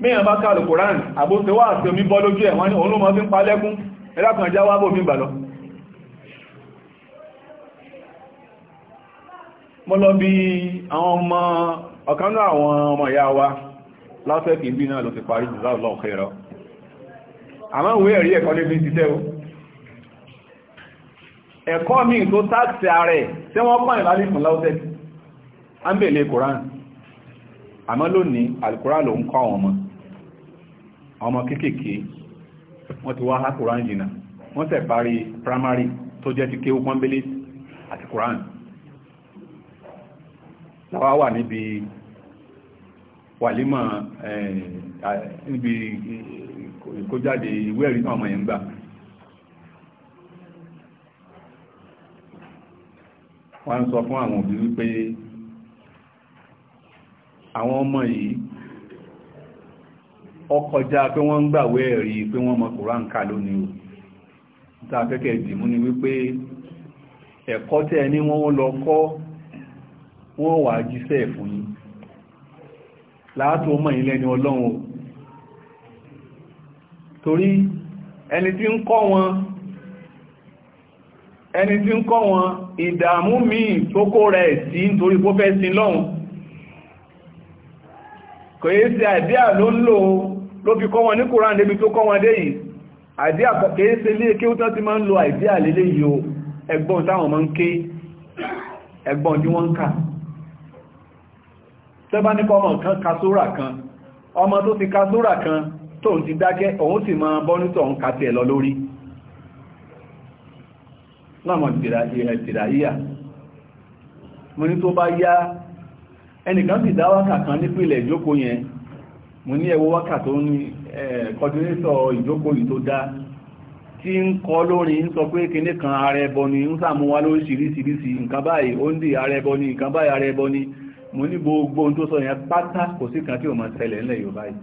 mẹ́yàn bá ká Koran àbóṣe wà àti omi bọ́ lójú ẹ̀wọ́n ní olómọ́ fi ń pa lẹ́kún ẹlákan já wábò mi gbàlọ́ mọ́ lọ bí àwọn ọmọ ọ̀kanú àwọn ọmọ ìyá wa lásẹ̀kì bí náà lọ ti parí jùlọ àmọ́ lónìí alùkùránì ló ń kọ́ àwọn ọmọ ọmọ kéékèèké wọ́n ti wá há koran jìnnà wọ́n ṣe parí primary tó jẹ́ ti kéwú pọ́nbélé àti koran láwá wà níbi wàlímọ̀ níbi ìkójáde ìwé ẹ̀rí náà ọmọ yẹn ń gbà wọ́n sọ fún àwọn òbí wípé àwọn ọmọ yìí ọkọjá pé wọ́n ń gbàwé ẹ̀rí pé wọ́n mọ Kùránì kà lónìí o tá a fẹ́kẹ̀ dìmú ni wípé ẹ̀kọ́ tẹ́ ẹni wọ́n lọ kọ́ wọ́n wà jíṣẹ́ fún yín láàtò mọ̀ yín lẹ́ni ọlọ́run o torí ẹni tí ń kọ́ wọn ẹni tí ń kọ́ wọn ìdààmú míì tó kó rẹ̀ sí nítorí pó fẹ́ sin lọ́hun kò yé sí àdíà ló ń lò ó tó fi kọ́ wọn ní kòrán débi tó kọ́ wọn dé yìí àìdíà kìí ṣe ilé kí ó tán ti máa ń lo àìdíà lélé yìí o ẹgbọ́n táwọn máa ń ké ẹgbọ́n tí wọ́n ń kà tẹ́bá ní kọ́mọ̀ kan ka sóra kan ọmọ tó ti ka sóra kan tóun ti dákẹ́ òun sì máa bọ́nítọ̀ ń ka tiẹ̀ lọ lórí mo ní ẹwọ wákà tó ní kọdínétọ̀ ìjókòó tó dá tí ń kọ lórí ń sọ pé kíní kan ààrẹ ẹbọ ni ń sàmúwá lórí ṣìríṣìíríṣìí nǹkan báyìí ó ń ààrẹ ẹbọ ni nǹkan báyìí ààrẹ ẹbọ ni mo ní gbogbo ohun tó sọ yẹn pátá kò sí kan tí ò máa ṣẹlẹ̀ Yorùbá yìí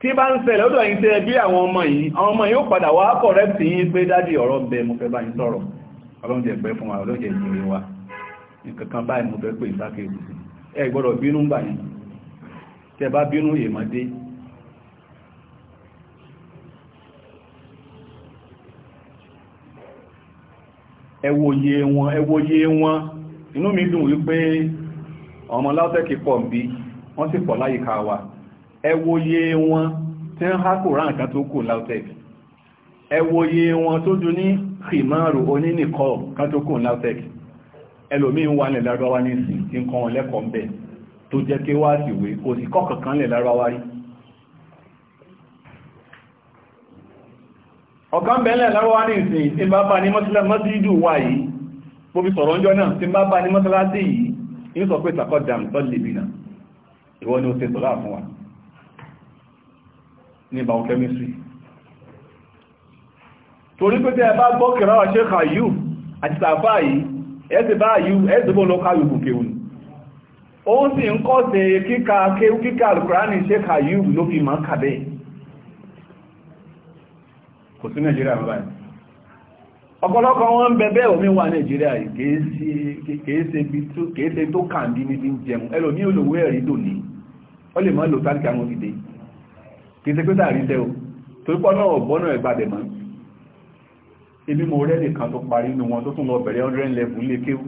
tí bá ń ṣẹlẹ̀ tẹ́ bí àwọn ọmọ yìí àwọn ọmọ yìí ó padà wá kọ̀rẹ́pì yín pé pé ẹ tẹ bá bínú èèmọ̀dé ẹwòye wọn ẹwòye wọn inú mi dùn wípé ọmọ látẹ́kì pọ̀ bí wọ́n sì pọ̀ láyìíká wa ẹwòye wọn tí ń há kò ráǹkan tó kù látẹ́kì ẹwòye wọn tó dún ní kìmáàrù onínìkọ́ kan tó kù látẹ́kì ẹlòmí ń wà nílẹ̀ lárọ́wá ní ìsìn tí ń kọ́ wọn bẹ́ẹ̀ tó jẹ́ kí wá sí ìwé kò sí kọ́ kankan lẹ̀ lára wárí ọ̀kan bẹ̀lẹ̀ lára wá ní ìsìn tí bá bá ní mọ́sílẹ̀mọ́sílẹ̀dù wà yìí bó fi sọ̀rọ̀ ọjọ́ náà tí bá bá ní mọ́sílẹ̀dù yìí ní sọ pé takọ́ dàm tọ́ lè bìnà wa ní biochemistry torí pé tẹ́ bá gbọ́ kìrọ̀ ṣe ó sì ń kọ́sẹ̀ kíkà kéwú kíkà alukurani ṣéka yìí ló fi máa kàbẹ́ kò sí nàìjíríà mọ́ báyìí ọ̀pọ̀lọpọ̀ wọn ń bẹ̀bẹ̀ omi wà nàìjíríà kèése tó kàndí ní ti ń jẹun ẹlòmí olówó ẹ̀rí dòní ó lè mọ́ lò sáàkì àwọn òdìdé kèése pé sáà rí tẹ́ o torípọ̀ náà ọ̀bọ́nà ẹgbàdẹ̀ mọ́ ebi mo rẹ́ nìkan tó parí inú wọn tó tún lọ bẹ̀rẹ̀ 100 level lé kéwú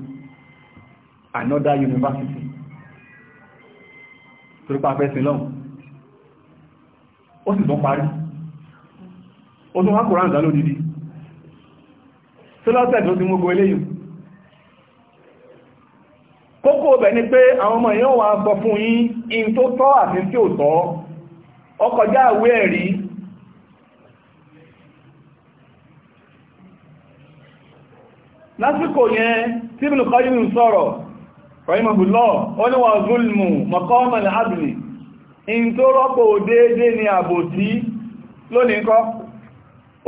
another university torí pa fẹ́ sin lọ́hùn ó sì tún parí ó tún wá kòrán ìdálò dídí tí lọ́sẹ̀ tó ti mú ogun eléyìí kókó ọbẹ̀ ni pé àwọn ọmọ èèyàn wà sọ fún yín in tó tọ́ àti tí ò tọ́ ọkọjá àwé ẹ̀rí lásìkò yẹn tí Ibn Qayyim sọ̀rọ̀ rahimahullah ó ní wà zulmù maqamal adli in tó rọ́pò déédé ni àbòsí lónìí kọ́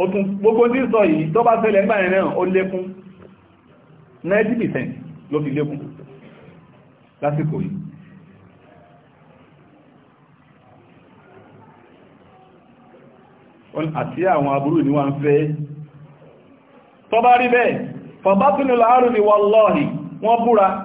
òtún gbogbo tí sọ yìí tó bá ṣẹlẹ̀ ń bàrẹ̀ náà ó lékún 90% ló fi lékún lásìkò ni wọ́n fẹ́ tó bá rí bẹ́ẹ̀ fọ̀bátúnilá àrùn ni wallahi wọ́n búra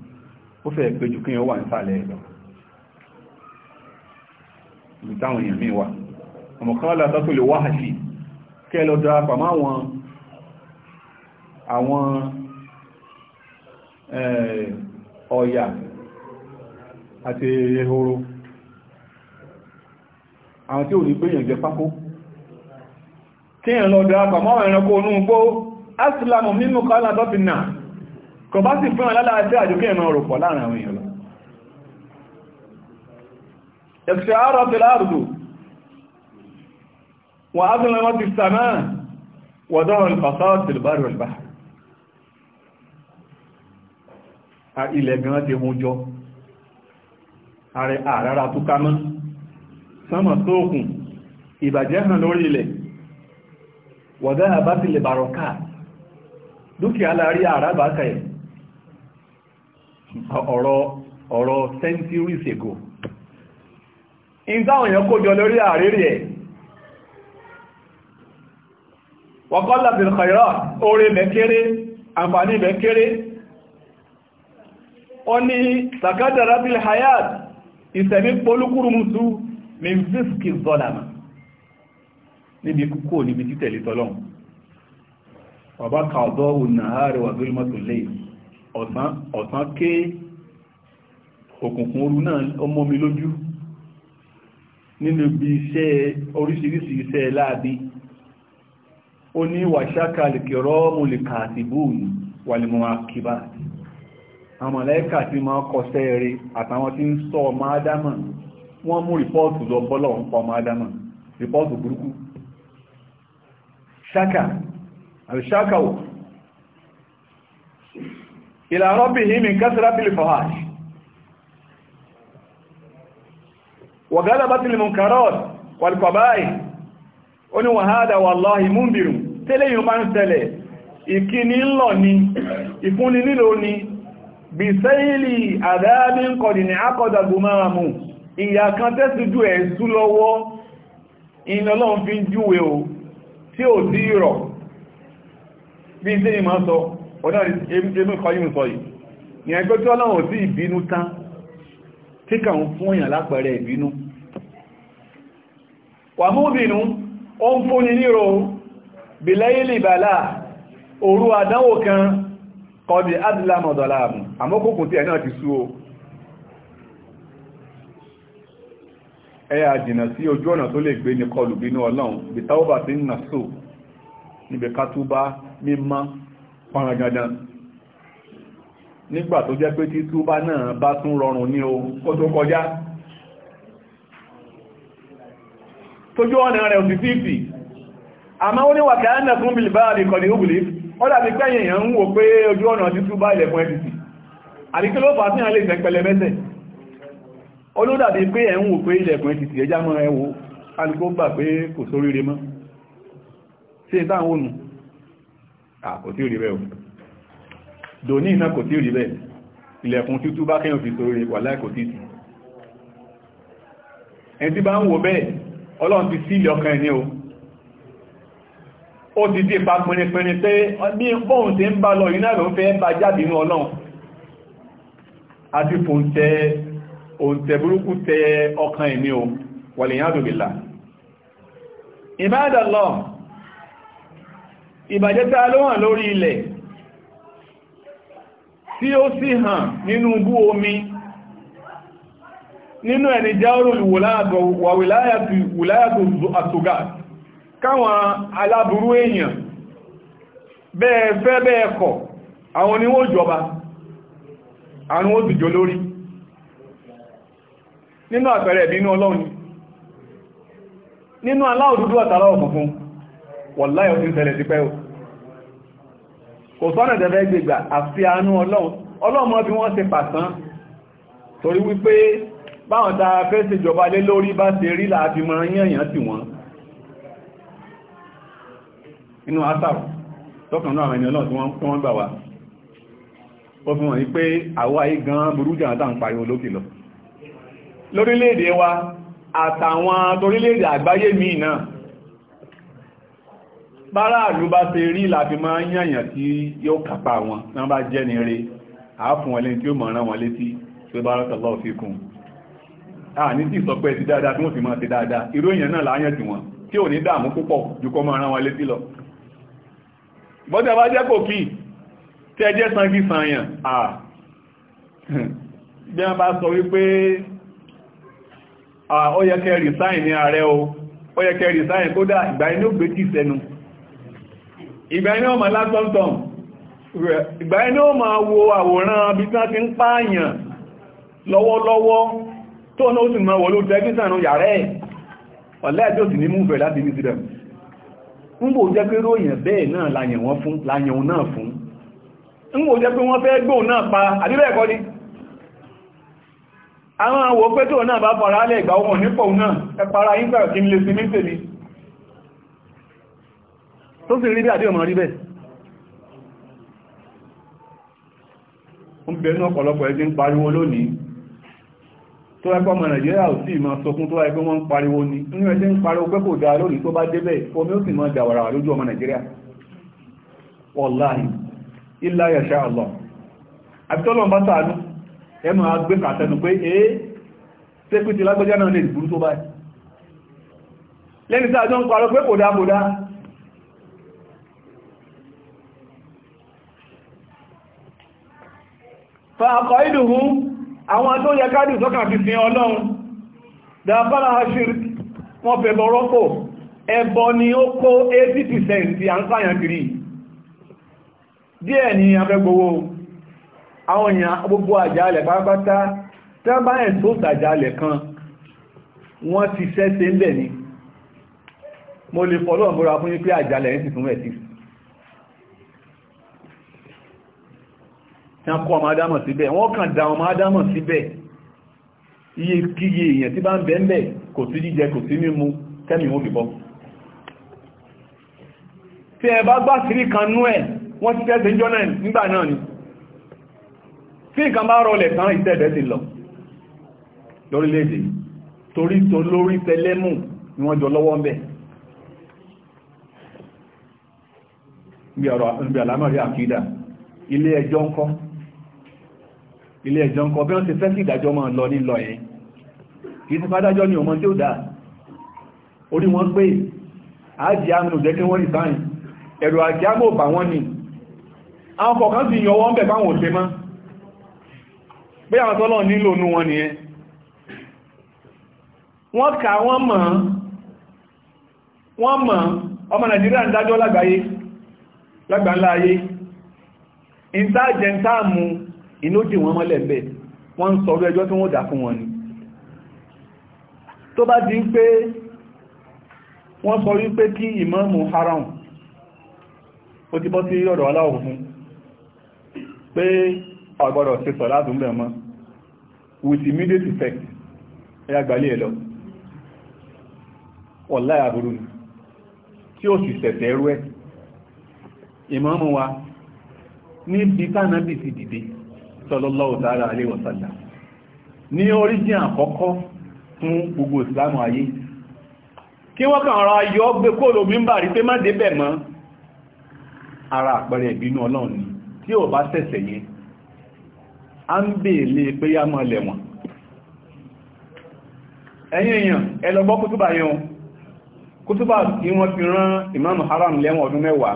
ó fẹ́ pé kí wọ́n wà ń sàlẹ̀ ẹ̀lọ ibi táwọn èèyàn míì wà ọmọkan látọ́pù lè wáhàṣì kẹ́ lọ darapọ̀ mọ́ awọn àwọn ọ̀yà àti ehoro àwọn tí ò ní gbéyàn jẹ pákó kí èèyàn lọ ẹranko onú gbó kò bá sì fún aláàtí àjòkẹ́ ìmọ̀ òrùpọ̀ láàrin àwọn èèyàn lọ ẹ̀kṣẹ̀ àárọ̀ tí láàrùdù wọ́n á tún lọ́wọ́ ti sàmà wọ́dọ́rọ̀ ìfàsáwọ̀ tìlbárì ọ̀lbá ilẹ̀ gan ti hun jọ ààrẹ àrára tó ká mọ́ sánmà sóòkùn ìbàjẹ́ wọ̀dá àbá ti lè bàrọ̀ káà dúkìá láàrí àrábà kàyẹ̀ ọ̀rọ̀ ọ̀rọ̀ centuries ago in táwọn èèyàn kó jọ lórí àrírí ẹ̀ wọ́kọ́lá fi kàírà orí mẹ́kẹ́rẹ́ àǹfààní mẹ́kẹ́rẹ́ ó ní takadara bil hayat ìsẹ̀mí polúkúrùmùsù min fiski zolama níbi kúkú níbi títẹ̀lé tọ́lọ́n ọba kàdọ́ òun nàárẹ̀ wà zulmatul layl ọ̀sán ké òkùnkùn òru náà ọmọ mi lójú nínú ibi iṣẹ́ oríṣiríṣi iṣẹ́ láàbí ó ní wàṣákà lèkèrọ mọ̀lẹ̀kà àti bóòlù wàlìmọ̀ àkíbà àmọ̀lẹ́kà tí ma kọsẹ́ rẹ̀ àtàwọn tí ń sọ ọmọ ádámà wọ́n mú rìpọ́ọ̀tù lọ bọ́lọ̀ ń pa ọmọ ádámà rìpọ́ọ̀tù burúkú ṣákà àríṣákà ìlà rabbihim min kasratil fawahish wa ghalabatil munkarat wal qaba'ih ó ní wa hadha wallahi mundirun tele yóò tele ń tẹ́lẹ̀ ìkíni ńlọ ni ìfúnni nílò ni bí sẹ́yìnlì àdáàbí ń kọ̀dì ní àkọ́dàgbò máa mú ìyà kan tẹ́sí ju ẹ̀sú lọ́wọ́ ìnàlọ́n fi o tí ò sí rọ̀ bí sẹ́yìn máa sọ onáàrí emí kọ yíò sọ yìí ni ẹgbẹ́ tí ọlọ́run ò sí ìbínú tán tí kàn ń fún èèyàn lápẹẹrẹ ìbínú wà mú bínú ó ń fúnni níro bìlẹ́yìlì bàlá òru àdánwò kan kọbi adìlámọ̀dọ̀lá àmù àmókòkò tí ẹ̀ náà ti sú o ẹ̀yà jìnà sí ojú ọ̀nà tó lè ní kọlù bínú pàràgàdà nígbà tó jẹ́ pé tí túbá náà bá tún rọrùn ní o kó tó kọjá tójú ọ̀nà rẹ̀ òsì fífì àmá ó ní wà káà náà fún bilbari kọ̀dí òbìlì ó dàbí pé èèyàn ń wò pé ojú ọ̀nà ti túbá ilẹ̀kùn ẹ̀sìsì àti kí ló fà sí àlè ìsẹ̀pẹ̀lẹ̀ mẹ́sẹ̀ olódàbí pé ẹ̀ ń wò pé ilẹ̀kùn ẹ̀sìsì ẹjá mọ́ ẹwò alùkó gbà pé kò sóríire mọ́ sí ìtàwọn kò tí ò rí bẹ́ẹ̀ o dòní iná kò tí ò rí bẹ́ẹ̀ ilẹ̀kùn tútú bá kẹ́yàn fi sórí rẹ̀ wà láì kò tí tì ẹni tí bá ń wo bẹ́ẹ̀ ọlọ́run ti sí ilẹ̀ ọkàn ẹni o ó ti dé pa pínrinpínrin pé bí bóhun ti ń bá lọ iná ló ń fẹ́ bá jáde inú ọlọ́run àti fòǹtẹ òǹtẹ burúkú tẹ ọkàn ẹni o wà lè yán àdòbìlà ìbàjẹ́ tá ló lórí ilẹ̀ tí ó sì hàn nínú bú omi nínú ẹni jáòrò wùláyàtò àtògà káwọn aláburú èèyàn bẹ́ẹ̀ fẹ́ bẹ́ẹ̀ kọ̀ àwọn jọba àwọn lórí nínú àpẹẹrẹ ìbínú ọlọ́run nínú wọ̀láyọ̀ kò sọ́nà dẹ̀fẹ́ gbègbà àfi àánú ọlọ́run ọlọ́run bí wọ́n ṣe pàtán torí wípé báwọn tá a fẹ́ ṣèjọba lé lórí bá ṣe rí láàfin mọ́ yẹ̀yàn tí wọ́n inú asàrù tọ́kàn náà ẹni ọlọ́run tí wọ́n gbà wá ó fi hàn yí pé àwọ́ ayé wa àtàwọn torílẹ̀-èdè àgbáyé míì náà bára àlú bá ṣe rí láti máa ń yànyàn tí yóò kàpá wọn náà bá jẹ́ ní rí àáfún ẹlẹ́ni tí ó mọ̀ rán wọn létí pé barakallahu fikum àní tí ìsọpẹ́ ti dáadáa tí wọ́n fi máa ti dáadáa irú èèyàn náà láyàn tí wọ́n tí ò ní dààmú púpọ̀ ju kọ́ máa rán wọn létí lọ bọ́tẹ̀ bá jẹ́ kò kí tẹ́ jẹ́ sangi sanyàn à bí wọ́n bá sọ wípé ní ààrẹ o ó yẹ kẹ́ kódà ìgbà inú gbé kìí sẹ́nu ìgbà ẹni ọmọ látọ́ntọ́n ìgbà ẹni ọmọ wo àwòrán bí tán ti ń pààyàn lọ́wọ́lọ́wọ́ tó náà ó sì mọ́ wọ́lú tẹ́gbísànú yàrá ẹ̀ ọ̀lẹ́ tó sì ní múfẹ̀ láti ní sílẹ̀ ń bò jẹ́ pé ròyìn bẹ́ẹ̀ náà láyẹ̀wọ́n náà fún ń jẹ́ pé wọ́n fẹ́ gbóhùn náà pa àdíbẹ̀ẹ̀kọ́ ni àwọn àwọ̀ pẹ́tò náà bá fara alẹ́ ìgbà ọmọ nípò náà ẹpara yíngbà kí n lè sí mítèlì tó sì rí bí àbí ọmọ rí bẹ́ẹ̀ ń bẹ ní ọ̀pọ̀lọpọ̀ ẹgbẹ́ ń pariwo lónìí tó ẹgbẹ́ ọmọ nàìjíríà ò sí ìmọ̀ sọkún tó ẹgbẹ́ wọn ń pariwo ní inú ẹgbẹ́ ń pariwo pé kò dáa lónìí tó bá débẹ̀ omi ó sì mọ dàwàrà lójú ọmọ nàìjíríà wọláhì ee tí a jọ ń parọ́ pé kò dáa kò dáa fàkọ̀ ìdùhú àwọn tó yẹ káàdì sọ́kà fi fi ọlọ́run dábára ṣírí wọ́n fẹ̀bọ̀ rọ́pò ẹbọ ni ó kó 80% ti à ń sáyàn kiri díẹ̀ ni afẹ́gbowó àwọn èèyàn gbogbo àjálẹ̀ pápátá tábáyẹ̀ tó sàjálẹ̀ kan wọ́n ti sẹ́sẹ́ ń bẹ̀ ni mo lè fọ́lọ́ tán kọ́ ọmọ adámọ̀ síbẹ̀ wọ́n kàn dá ọmọ adámọ̀ síbẹ̀ iye kíye èèyàn tí bá ń bẹ́ẹ̀lẹ̀ kò sí jíjẹ kò sí mímu tẹ́mì wọ́n fi tí ẹ bá gbá sírí kan ẹ̀ wọ́n ti tẹ́sẹ̀ jọ́nà náà ni tí ìkan bá rọlẹ̀ tán ìtẹ́ẹ̀bẹ̀ sí lọ lórílẹ̀-èdè torí tó lórí tẹlẹ́mù ni wọ́n jọ lọ́wọ́ ń bẹ̀ níbi ilé ẹjọ́ ń kọ́ ilé ẹjọ́ nǹkan bí wọ́n ti fẹ́sí ìdájọ́ máa lọ nílọ yẹn kìí ti fádájọ́ ní ọmọ tí ó dáa orí wọn pé àájì àmì òjẹ́ kí wọ́n rí báyìí ẹ̀rọ àti àmì òbà wọn ni àwọn kọ̀ọ̀kan sì yọ wọ́n bẹ̀ báwọn òṣè mọ́ pé àwọn tọ́lọ̀ nílò inú dì wọ́n mọ́lẹ̀ bẹ́ẹ̀ wọ́n ń sọ ẹjọ́ tí wọ́n dá fún wọn ni tó bá di pé wọ́n sọ wípé kí ìmáàmù haram ó ti bọ́ sí ọ̀dọ̀ aláwọ̀ pé ọ̀gbọ́dọ̀ ṣe sọ látún bẹ̀ mọ́ with immediate effect ẹ̀yà gbalẹ̀ ẹ̀ lọ ọ̀láyà burú ni tí ó sì sẹ̀sẹ̀ ẹrú ẹ̀ ìmáàmù wa níbi tánàbì ti dìde sọlọlọ ta'ala alaihi ní oríjìn àkọ́kọ́ fún gbogbo ìsìlámù ayé kí wọ́n kàn ra yọ gbé ń bà rí pé má bẹ̀ mọ́ ara àpẹẹrẹ ìbínú ọlọ́run ni tí ò bá a ń bèèlè pé yá mọ́ lẹ̀wọ̀n ẹ̀yìn èèyàn ẹlọgbọ́ kútúbà yẹn kútúbà tí wọ́n rán ìmáàmù haram lẹ́wọ̀n ọdún mẹ́wàá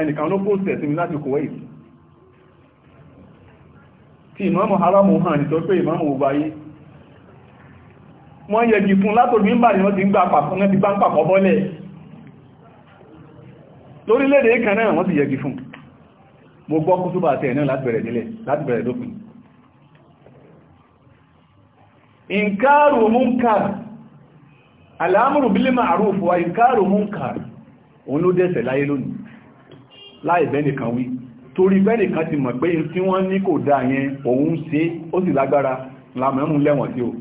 ẹnìkan ló post ẹ̀ sí mi láti Kuwait tí ìmọ̀mù haramu hàn nítorí pé ìmọ̀mù gbogbo ayé wọ́n yẹgi fún látòrí ń bà ní wọ́n ti ń gbà pàpọ̀ náà ti gbá ń pàpọ̀ bọ́lẹ̀ lórílẹ̀-èdè kan náà wọ́n ti yẹgi fún mo gbọ́ kú súbà tẹ̀ náà láti bẹ̀rẹ̀ nílẹ̀ láti bẹ̀rẹ̀ dópin inkaru munkar alamuru bil ma'ruf wa inkaru láì bẹ́nìkan wí torí bẹ́nìkan ti mọ̀ pé tí wọ́n ní kò dáa yẹn òun ṣe ó sì lágbára lámẹ́mú lẹ́wọ̀n tí ó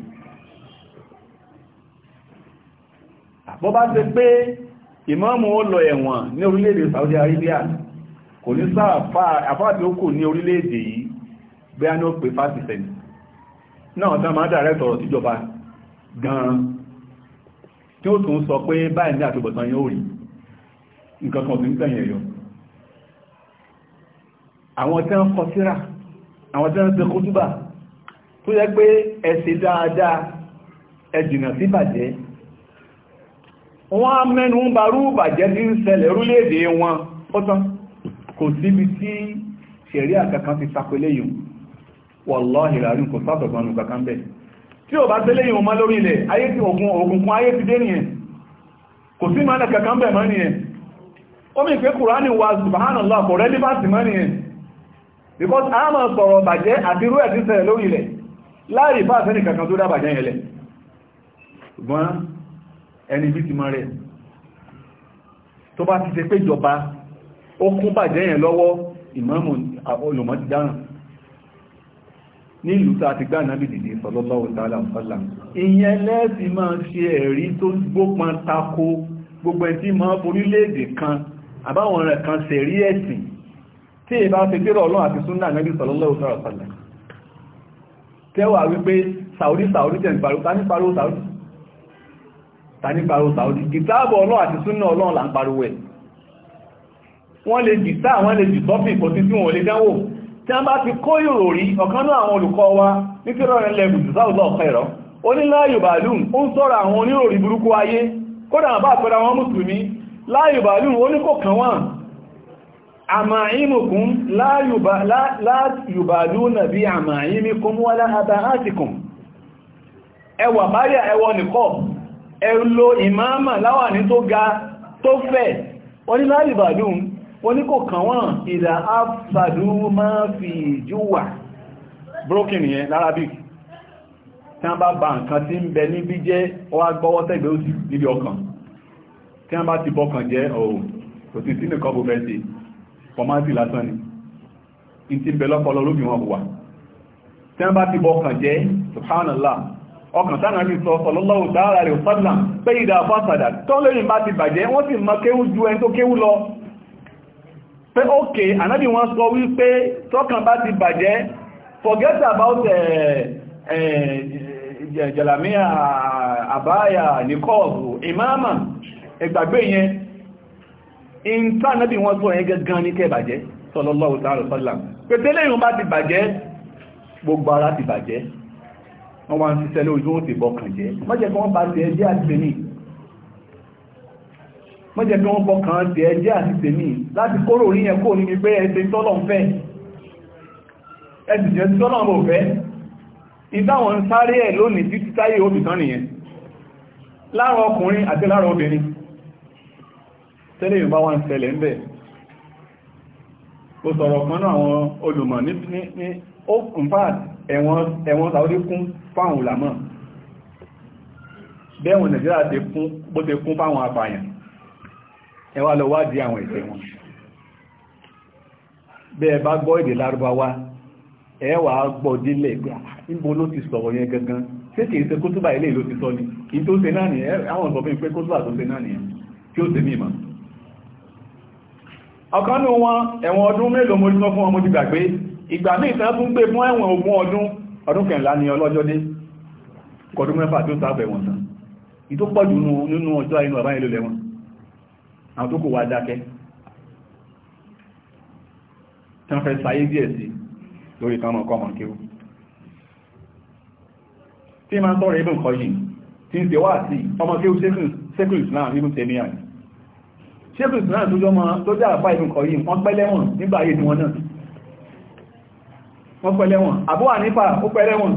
bọ́ bá ṣe pé ìmáàmù ó lọ ẹ̀wọ̀n ní orílẹ̀-èdè Saudi Arabia kò ní sáà àfáàtí ó kù ní orílẹ̀-èdè yìí bẹ́ẹ̀ ní ó pè fásitẹ̀n náà tán máa dàrẹ́ tọ̀rọ̀ síjọba gan-an tí ó tún sọ pé báyìí ní àtúbọ̀tán yóò rí nǹkan kan tí ń tẹ̀yìn ẹ̀yọ́ àwọn tí wọ́n kọ síra àwọn tí wọ́n ṣe kútúbà tó yẹ pé ẹ ṣe dáadáa ẹ jìnà sí bàjẹ́ wọ́n á mẹ́nu ń barú bàjẹ́ tí ń ṣẹlẹ̀ orílẹ̀-èdè wọn ó tán kò síbi tí ṣẹ̀rí àkàkan ti sapẹ́lẹ̀ yìí wọ́lọ́ ìràrin kò sátọ̀gbọ́nù kankan bẹ̀ tí ò bá tẹ́lẹ̀ because a máa sọ̀rọ̀ bàjẹ́ àti irú ẹ̀sí sẹ̀rẹ̀ lórí ilẹ̀ láàrí bá sẹ́nì kankan tó dá bàjẹ́ yẹn lẹ̀ ṣùgbọ́n ẹni bí ti mọ́ rẹ̀ tó bá ti ṣe pé ìjọba ó kún bàjẹ́ yẹn lọ́wọ́ ìmáàmù olùmọ̀ ti dáràn ní ìlú tá a ti gbá náà dìde sallallahu ta'ala ọ̀sọ́lá ìyẹn lẹ́ẹ̀sì máa ṣe ẹ̀rí tó gbópọn tako gbogbo ẹ̀ tí máa forílẹ̀-èdè kan àbáwọn rẹ̀ kan ṣẹ̀rí ẹ̀sìn tí ìbá ṣe tẹ́rọ ọlọ́run àti súnà nẹ́bí sallallahu alaihi wasallam tẹ́wàá wípé saudi saudi tẹ̀ níparo ta ní paro saudi ta ní paro saudi gìtáàbù ọlọ́run àti súnà ọlọ́run là ń pariwo ẹ̀ wọ́n lè gìtá àwọn lè jù tọ́pì kò sí tí wọ́n lè dánwò tí a bá ti kó ìròrí ọ̀kan náà àwọn olùkọ́ wa ní tí rọrin lẹ́bù jù sáwùlọ́ ọ̀kọ́ ẹ̀rọ oníláyùbàlùn ó ń sọ́rọ̀ àwọn oníròrí burúkú ayé kódà bá pẹ̀lú àwọn mùsùlùmí láyùbàlùn oníkọ̀kan wọn àmàímùkún láyùbàlú nàbí àmàímìkún wọ́lá àbáhátìkún ẹwà báyà ẹwọ nìkọ́ ẹlò ìmáàmà láwàní tó ga tó fẹ̀ wọ́n láyùbàlú wọ́n ní kò kàn wọ́n ìdà áfàdú máa fi júwà broken yẹn l'Arabic tí wọ́n bá ba nǹkan tí ń bẹ níbi jẹ́ ọwá gbọ́wọ́ tẹ́gbẹ̀ òsì níbi ọkàn tí wọ́n bá ti bọ́kàn jẹ́ ọ̀hún kò sí sínú kọ́bù fọmáàtì lásán ni in ti bẹ lọ́pọ̀lọ́ lóbi wọn wà tí wọ́n bá ti bọ ọkàn jẹ́ subhanallah ọkàn sáàrùn àti sọ sallallahu ta'ala rẹ̀ fadlan pé ìdá fásàdà tó lórí bá ti bàjẹ́ wọ́n sì mọ kéwú ju ẹni tó kéwú lọ pé ókè ànábì wọn sọ wípé tọ́kàn bá ti bàjẹ́ forget about eh, eh, jẹ̀làmíà àbáyà nìkọ́ọ̀bù ìmáàmà ẹgbàgbé yẹn in tá nábì wọ́n sọ yẹn gan ní kẹbàjẹ́ sallallahu ta'ala sallam pẹ̀tẹ́lẹ̀ ìwọ̀n bá ti bàjẹ́ gbogbo ara ti bàjẹ́ wọ́n wá ń ṣiṣẹ́ lórí tí wọ́n ti bọ́kàn jẹ́ mọ́jẹ́ kí wọ́n bá ti ẹjẹ́ àti tèmi mọ́jẹ́ kí wọ́n bọ́kàn ti ẹjẹ́ àti tèmi láti kóró orí yẹn kó níbi pé ẹsẹ̀ tọ́lọ̀ ń fẹ́ ẹsẹ̀ jẹ́ tọ́lọ̀ ń fẹ́ ìdáwọn sáré ẹ̀ lónìí títí táyé òbí tán nìyẹn láàárọ̀ ọkùnrin àti láàárọ̀ obìnrin tẹ́lẹ̀ ìbá wọn tẹ́lẹ̀ ń bẹ̀ ó sọ̀rọ̀ kan náà àwọn olùmọ̀ ní ẹ̀wọ̀n Saudi kún fáwọn òlàmọ̀ bẹ́ẹ̀wọ̀n Nàìjíríà ti kún bó ti kún fáwọn apààyàn ẹ wá lọ wádìí àwọn ẹ̀ṣẹ̀ wọn bẹ́ẹ̀ bá gbọ́ èdè lárúbáwá ẹ wà á gbọ́ dílẹ̀ gbà ah, níbo ló ti sọ̀rọ̀ yẹn gangan ṣé kìí ṣe kótóbà ilé ìlú ti sọ ni kìí tó ṣe náà nìyẹn àwọn ìsọ̀fin pé kótóbà tó ṣe náà nìyẹn tí ó ṣe mí ọ̀kanú wọn ẹ̀wọ̀n ọdún mélòó mojúmọ́ fún ọmọ ti gbàgbé ìgbà ní ìtàn tún gbé fún ẹ̀wọ̀n ogún ọdún ọdún kẹ̀ńlá ni ọlọ́jọ́ dé kọdún mẹ́fà tó sáfẹ́ wọn tán ìtó pọ̀jù nínú ọjọ́ inú àbáyé lólẹ̀ wọn àwọn tó kò wá dákẹ́ tán fẹ́ sáyé díẹ̀ sí lórí kánmọ̀ kọmọ̀ kéwú tí ma ń sọ́rọ̀ ibùn kọ́ yìí tí ń se wá sí ọmọ kéwú sékùn islam ibùn tèmíyàn ṣébù ìsìnà tó jọ máa tó jẹ́ àpá ìrùn kọ̀ yìí wọ́n pẹ́ lẹ́wọ̀n nígbà ayé tiwọn náà wọ́n pẹ́ lẹ́wọ̀n àbúwà nípa ó pẹ́ lẹ́wọ̀n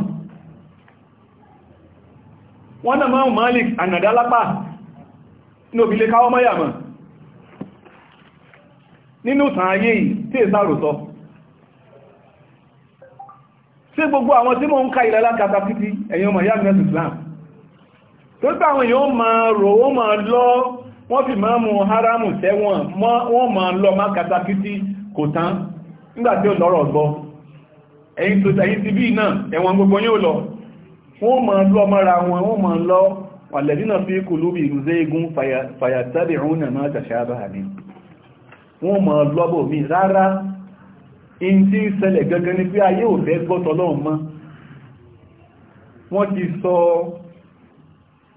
wọ́n náà máa Malik ànàdá lápá ní òbílé káwọ́ mọ́yàmọ̀ nínú tàn ayé tí è mo ń ka ìlàlá katapiti ẹ̀yìn ọmọ ìyá Islam tó gbà àwọn èèyàn máa rò wọ́n fi máa mú haramu sẹ́wọ̀n wọ́n máa lọ má katakítí kò tán nígbàtí ó lọ́rọ̀ gbọ́ ẹ̀yìn tó tàyí ti bí náà ẹ̀wọ̀n gbogbo yóò lọ wọ́n máa lọ mọ́ra wọn wọ́n máa lọ wàlẹ̀dínà fi kùlú bí ìrùzé igun fàyàtàbí ìrùn náà máa ni pé ayé ò fẹ́ gbọ́tọ̀ lọ́wọ́ mọ́ wọ́n ti sọ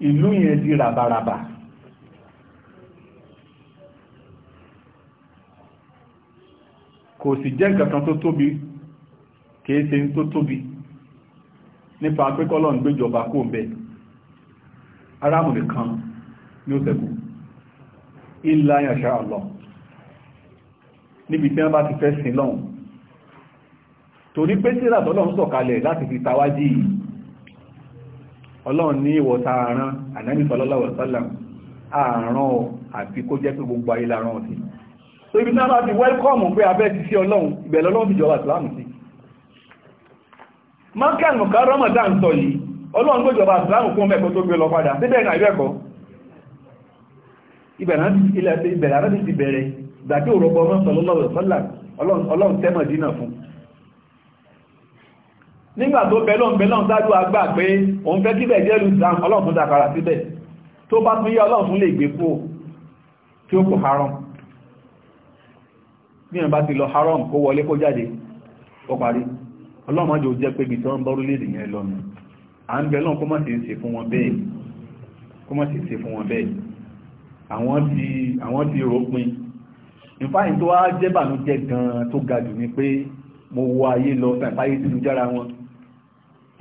ìlú yẹn di ràbàràbà kò sì jẹ́ nǹkan tó tóbi kìí ṣe tó tóbi nípa pẹ́kọ́lọ̀ ń gbéjọba kó ń bẹ aráàmù nìkan ní ó ṣẹ́kù illa yasha Allah níbi tí wọ́n bá ti fẹ́ sin lọ́hùn torí pé sílà tọ́lọ́hun sọ̀kalẹ̀ láti fi tawájí ọlọ́run ní ìwọ̀ta àrán ànábì sallallahu alaihi wasallam àrán àti kó jẹ́ pé gbogbo ayé lárán ọ̀sìn so ibi náà láti wẹ́lkọ́mù pé abẹ́ ti sí ọlọ́run ìbẹ̀lẹ̀ ọlọ́run ìjọba ìsìláàmù sí maka nùkà ramadan sọ yìí ọlọ́run tó jọba ìsìláàmù fún mẹ́kọ́ tó gbé lọ padà síbẹ̀ náà ìbẹ̀kọ́ ìbẹ̀rẹ̀ arábì ti bẹ̀rẹ̀ gbàdé òrọ̀pọ̀ ọmọ sọlọ́lọ́rọ̀ ọlọ́run tẹ́mọ̀ dínà fún nígbà tó bẹ̀lọ́n bẹ̀lọ́n sáájú agbá pé òun fẹ́ kíbẹ̀ jẹ́ lù dáa ọlọ́run tó dákara síbẹ̀ tó bá tún yẹ ọlọ́run tún lè gbé fún tí ó kò haram bí wọ́n bá ti lọ haram kó wọlé kó jáde ó parí ọlọ́mọdé ò jẹ́ pé ibi tí wọ́n ń bọ́rú lédè yẹn lọ́nu à ń bẹ lọ́n kó má sì ṣe fún wọn bẹ́ẹ̀ kó má sì ṣe fún wọn bẹ́ẹ̀ àwọn ti àwọn ti ròpin ìfáyín tó wá jẹ́ bànújẹ́ gan-an tó ga jù ni pé mo wo ayé lọ fẹ́ǹfáyé sínú jára wọn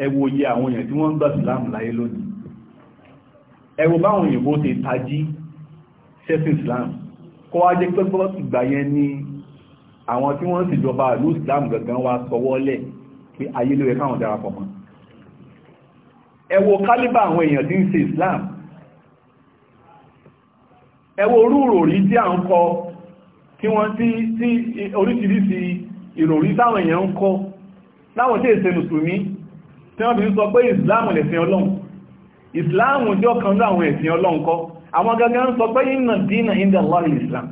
ẹ wo iye àwọn èèyàn tí wọ́n ń gbà síláàmù láyé lónìí ẹ wo báwọn òyìnbó ti tají islam kó wá jẹ́ pé gbọ́dọ̀ ìgbà yẹn ní àwọn tí wọ́n sì jọba ìlú Islam gangan wa sọwọ́lẹ̀ pé ayé ló yẹ káwọn darapọ̀ mọ́ ẹ wo kálíbà àwọn èèyàn tí ń ṣe Islam ẹ wo orú ìròrí tí à ń kọ tí wọ́n tí oríṣiríṣi ìròrí táwọn èèyàn ń kọ láwọn tí èsè mùsùlùmí tí wọ́n fi ń sọ pé Islam lẹ̀sìn Ọlọ́run Islam jọ kan ní àwọn ẹ̀sìn Ọlọ́run kọ́ àwọn gangan sọ pé ìnà dínà ìdàlọ́rì Islam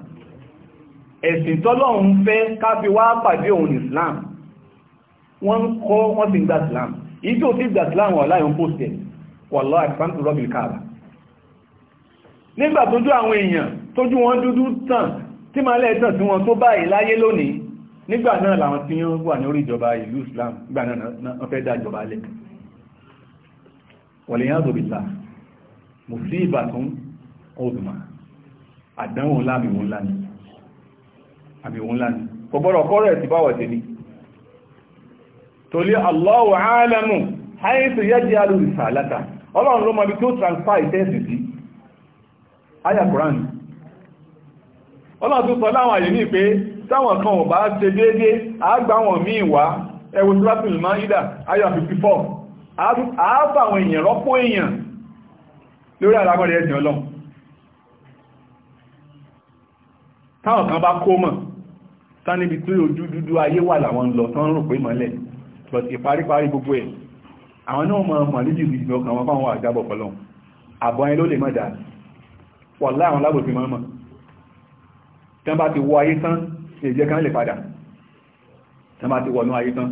ẹ̀sìn tọ́lọ́run fẹ́ ká fi wá pàdé òun Islam wọ́n ń kọ́ wọ́n sì ń gba Islam yìí tí ó sì gba Islam wà láyé ń pòsẹ̀ wọ̀lọ́ àìsàntù rọ́bìl káàbà nígbà tójú àwọn èèyàn tójú wọn dúdú tàn tí máa lẹ́ẹ̀tàn sí wọn tó báyìí láyé lónìí nígbà náà làwọn tí wọ́n wà ní orí ìjọba ìlú Islam nígbà náà wọ́n fẹ́ dá ìjọba alẹ́ wọ̀lẹ̀yàn àdòbìlà mùsíbà tún ọdùnmà àdánwò láàmì wọn lánìí àmì òun láni kò kọ́rọ̀ ẹ̀ ti báwọ̀ tẹ̀lé torí Allahu alamu haythu yaj'alu risalata ọlọ́run ló mọ̀ bí tí ma transfer ìtẹ́sì sí aya Quran ọlọ́run tó sọ láwọn àyè ní pé táwọn kan ò ṣe déédé àágbà míì wá ẹwọ táwọn kan bá kó mọ̀ tán níbi tí ojú dúdú ayé wà làwọn lọ tán rò pé mọ́lẹ̀ but ìparíparí gbogbo ẹ̀ àwọn náà mọ̀ mọ̀ níbi ìgbìyànjú ọkàn wọn fáwọn àjábọ̀ pọ̀lọ́ àbọ̀ ẹ̀ ló lè mọ̀dá pọ̀ láwọn lábòfí mọ́mọ̀ tán bá ti wọ ayé tán ìjẹ́ kan lè padà tán bá ti wọnú ayé tán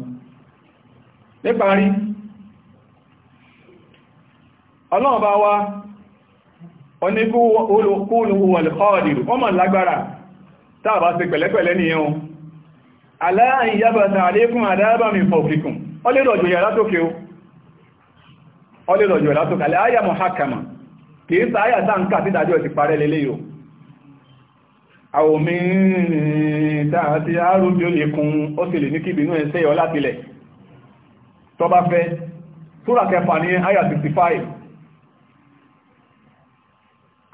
níparí ọlọ́run bá wá oníkú olùkúlù wọ̀lẹ̀kọ́ọ̀dì ọmọ lágbára tàbá ṣe pẹ̀lẹ́pẹ̀lẹ́ nìyẹn aláàrin yába ta àlékún àdáábà mi fọ̀kìkùn ọlẹ́lọ́jọ̀ yà látòkè o ọlẹ́lọ́jọ̀ látòkè aláyà mọ̀hákàmà kìí sáyà sáǹkà tí dájọ́ ti parẹ́ lélẹ́ yóò àwòmí dáa ti arúgbó lè kún ó sì lè ní kíbinú ẹsẹ́ ọ látilẹ̀ tó bá fẹ́ súrà kẹfà ní àyà 65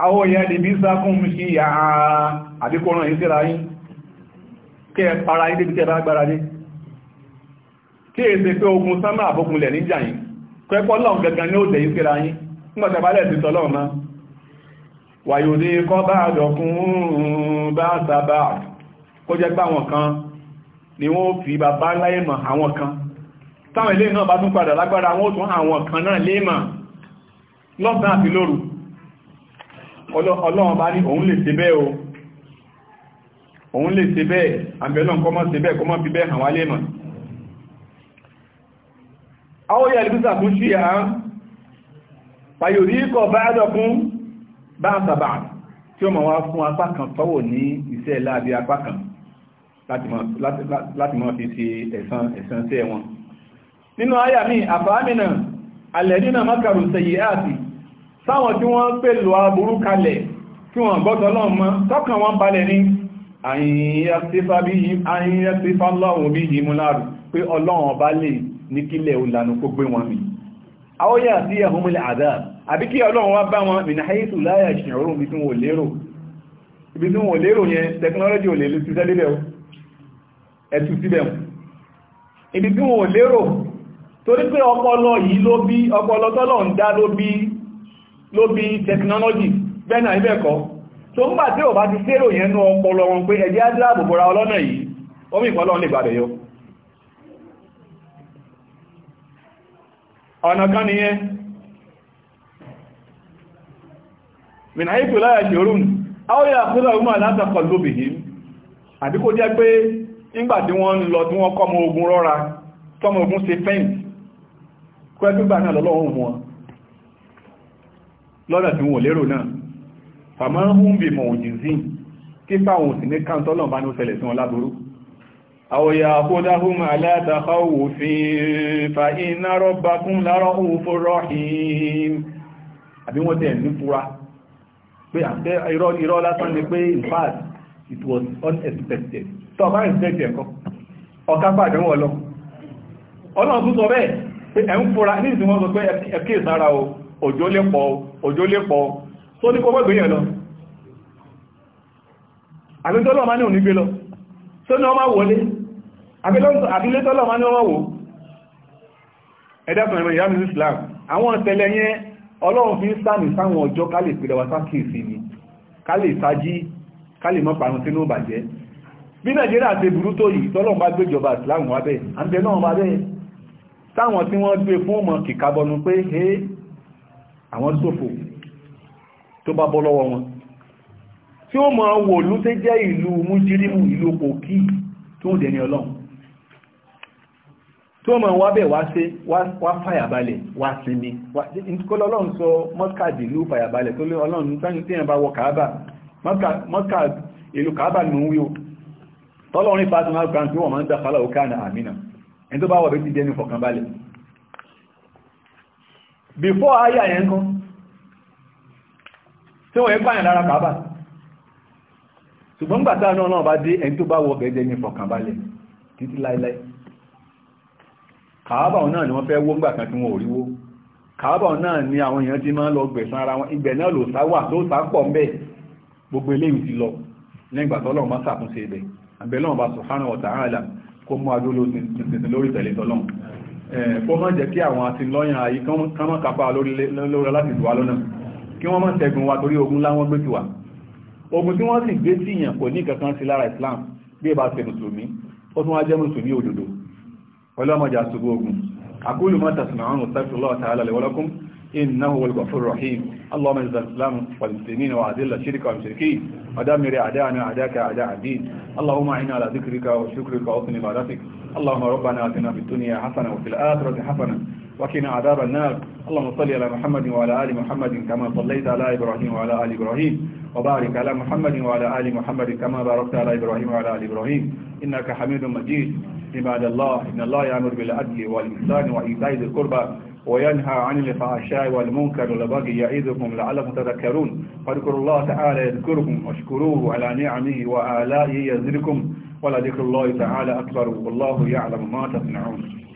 àwọn èèyàn lè bí sákún ìyà àbíkọ́rán ìsẹ́ra yìí kí ẹ para ilé bí tẹ́ bá gbára dé tí è ṣe pé ogun sánmà àbókunlẹ̀ níjà yìí pẹ́pọ́ lọ́n gangan ní ó dẹ̀ yí síra yín nígbàtàbálẹ̀ ti tọ́lọ́run náà wàyòdé kọ́ bá àdọ̀kún bá sábà kó jẹ́ pé àwọn kan ni wọ́n fi bàbá láìmọ̀ àwọn kan táwọn ilé náà bá tún padà lágbára wọ́n tún àwọn kan náà léèmọ̀ lọ́sàn àti lóru ọlọ́run bá ní òun lè ṣe bẹ́ẹ̀ o òun lè ṣe bẹ́ẹ̀ àbẹ̀lọ́n kọmọ́ ṣe bẹ́ẹ̀ kọmọ́ fi bẹ́ẹ̀ hàn wálé mọ̀ àwọ́yà ìlúsà fún sí à ń pàyòrí kọ̀ bá ẹ́dọ̀kún bá ń sàbà tí ó ma wá fún apá kan tọ́wọ̀ ní iṣẹ́ láàbí apá kan láti mọ́ fi ṣe ẹ̀san ẹ̀san sí ẹ̀wọ̀n nínú àyà mi àfàámìnà alẹ́dínà mọ́kàrù sẹ̀yí àti sáwọn tí wọ́n pèlò aburú kalẹ̀ tí wọ́n gbọ́tọ̀ lọ́mọ tọ́kàn wọn balẹ̀ ní àyíyàtífà lọ́wọ́ bí i múláàrù pé ọlọ́run ọba lè ní kílẹ̀ olànà kó gbé wọn mi àwọ́yà sí ẹ̀húnmílẹ̀ àdá àbí kí ọlọ́run wá bá wọn mìnà àìsù láyà ìṣẹ̀rún ibi tí wọ́n lérò yẹn tẹkinọ́lọ́jì ò lè lè ṣiṣẹ́ lébẹ̀ ẹ̀tù síbẹ̀ ibi tí wọ́n lérò torí pé ọpọlọ yìí ló bí ọpọlọ tọ́lọ̀ ń dá ló bí tẹkinọ́lọ́jì bẹ́ẹ̀ náà ibẹ̀ kọ́ tó ń gbà ò bá ti sérò yẹn ní ọpọlọ wọn pé ẹjẹ́ adíláàbò bọ́ra ọlọ́nà yìí ó mì pọ́lọ́ lè gbàdẹ̀ yọ ọ̀nà kan nìyẹn mìnà ìpò láyà a áwọ́yà àkúlọ̀ ọmọ alátàkọ̀ lóbìí àbí kó jẹ́ pé nígbà tí wọ́n lọ tí wọ́n ogun rọ́ra tọmọ ogun náà fàmọ́ ń bè mọ̀ òjìzín kí fáwọn òsì ní káńtọ́ náà bá ní ó ṣẹlẹ̀ sí wọn láboró àwòyà àkódáhùn alátàkọ́wò fi fa iná rọ́bakún lárọ́ òfò rọ́hìn àbí wọ́n tẹ̀ ní fura pé àfẹ́ irọ́ lásán ni pé in fact it was unexpected tó ọba ìsẹ́jẹ̀ ẹ̀kọ́ ọ̀ká pàdé wọn lọ ọlọ́run tún sọ bẹ́ẹ̀ pé ẹ̀ ń fura ní ìsinmi wọn sọ pé ẹ̀kí ìsára òjò lépọ̀ òjò tó ní kọmọ́ ìgbéyàn lọ àbíntọ́lọ̀ ma ní òní gbé lọ tó ní ọmọ wọlé àbílétọ́lọ̀ ma ní ọmọ wò ẹ̀dẹ́kùnrin ìyá mrs islam àwọn ọ̀tẹ̀lẹ̀ yẹn ọlọ́run fi ń sáàmì sáwọn ọjọ́ ká lè pèrè wata kìí ni ká lè sájí ká lè mọ́ parun sínú bàjẹ́ bí nàìjíríà ti burú tó yìí tọ́lọ́run bá gbéjọba ìsìláàmù wá bẹ́ẹ̀ àbẹ̀ náà wá bẹ́ẹ̀ táwọn tí wọ́n gbé fún ọmọ kìkàbọnu pé hé àwọn ṣòfò tó bá bọ́ lọ́wọ́ wọn tí ó máa wò ló tẹ́ jẹ́ ìlú mújírímù ìlú pòkí tó dẹ̀ ní ọlọ́run tí ó máa wá bẹ̀ wá sí wá fàyàbalẹ̀ wá sinmi kọ́lọ́ ọlọ́run sọ mọ́kà dìlú fàyàbalẹ̀ tó lé ọlọ́run sáyẹn tí yẹn bá wọ kàábà mọ́kà ìlú kàábà nù wí tọ́lọ́rin fatima wọ́n máa ń before ayà tí wọ́n yẹ pààyàn lára kàábà ṣùgbọ́n gbàtà náà náà bá dé ẹni tó bá wọ bẹ̀ẹ́jẹ́ ní fọkànbalẹ̀ títí láíláí kàábà náà ni wọ́n fẹ́ wó ńgbà kan tí wọ́n ò ríwó kàábà náà ni àwọn èèyàn ti máa ń lọ gbẹ̀san ara wọn ibẹ̀ náà lò sáwà tó sá pọ̀ ń bẹ̀ gbogbo eléyìí ti lọ lẹ́gbà tọ́lọ́run bá ṣàtúnṣe ibẹ̀ àbẹ̀lọ́run bá subhanahu wa ta'ala kó mú adúló tuntun lórí tẹ̀lé tọ́lọ́run kó má jẹ́ kí àwọn àti lọ́yàn ayé kán mọ́ kápá lórí láti dùn wá lọ́nà kí wọ́n má ṣẹ́gun wa torí ogun láwọn gbé ti wà ogun tí wọ́n sì gbé sí yàn kò ní kankan sí lára Islam bí ìbá ṣe mùsùlùmí ó tún wá jẹ́ mùsùlùmí òdodo ọlọ́mọjà ṣubú ogun أقول ما تسمعون واستغفر الله تعالى لي ولكم إنه هو الغفور الرحيم اللهم اعز الإسلام والمسلمين وأذل الشرك والمشركين ودمر أعداءنا أعداءك أعداء الدين اللهم أعنا على ذكرك وشكرك وحسن عبادتك اللهم ربنا آتنا في الدنيا حسنة وفي الآخرة حسنة وكنا عذاب النار اللهم صل على محمد وعلى آل محمد كما صليت على إبراهيم وعلى آل إبراهيم وبارك على محمد وعلى آل محمد كما باركت على إبراهيم وعلى آل إبراهيم إنك حميد مجيد عباد الله إن الله يأمر بالعدل والإحسان وإيتاء ذي القربى وينهى عن الفحشاء والمنكر والبغي يعظكم لعلكم تذكرون فاذكروا الله تعالى يذكركم واشكروه على نعمه وآلائه يزدكم ولذكر الله تعالى أكبر والله يعلم ما تصنعون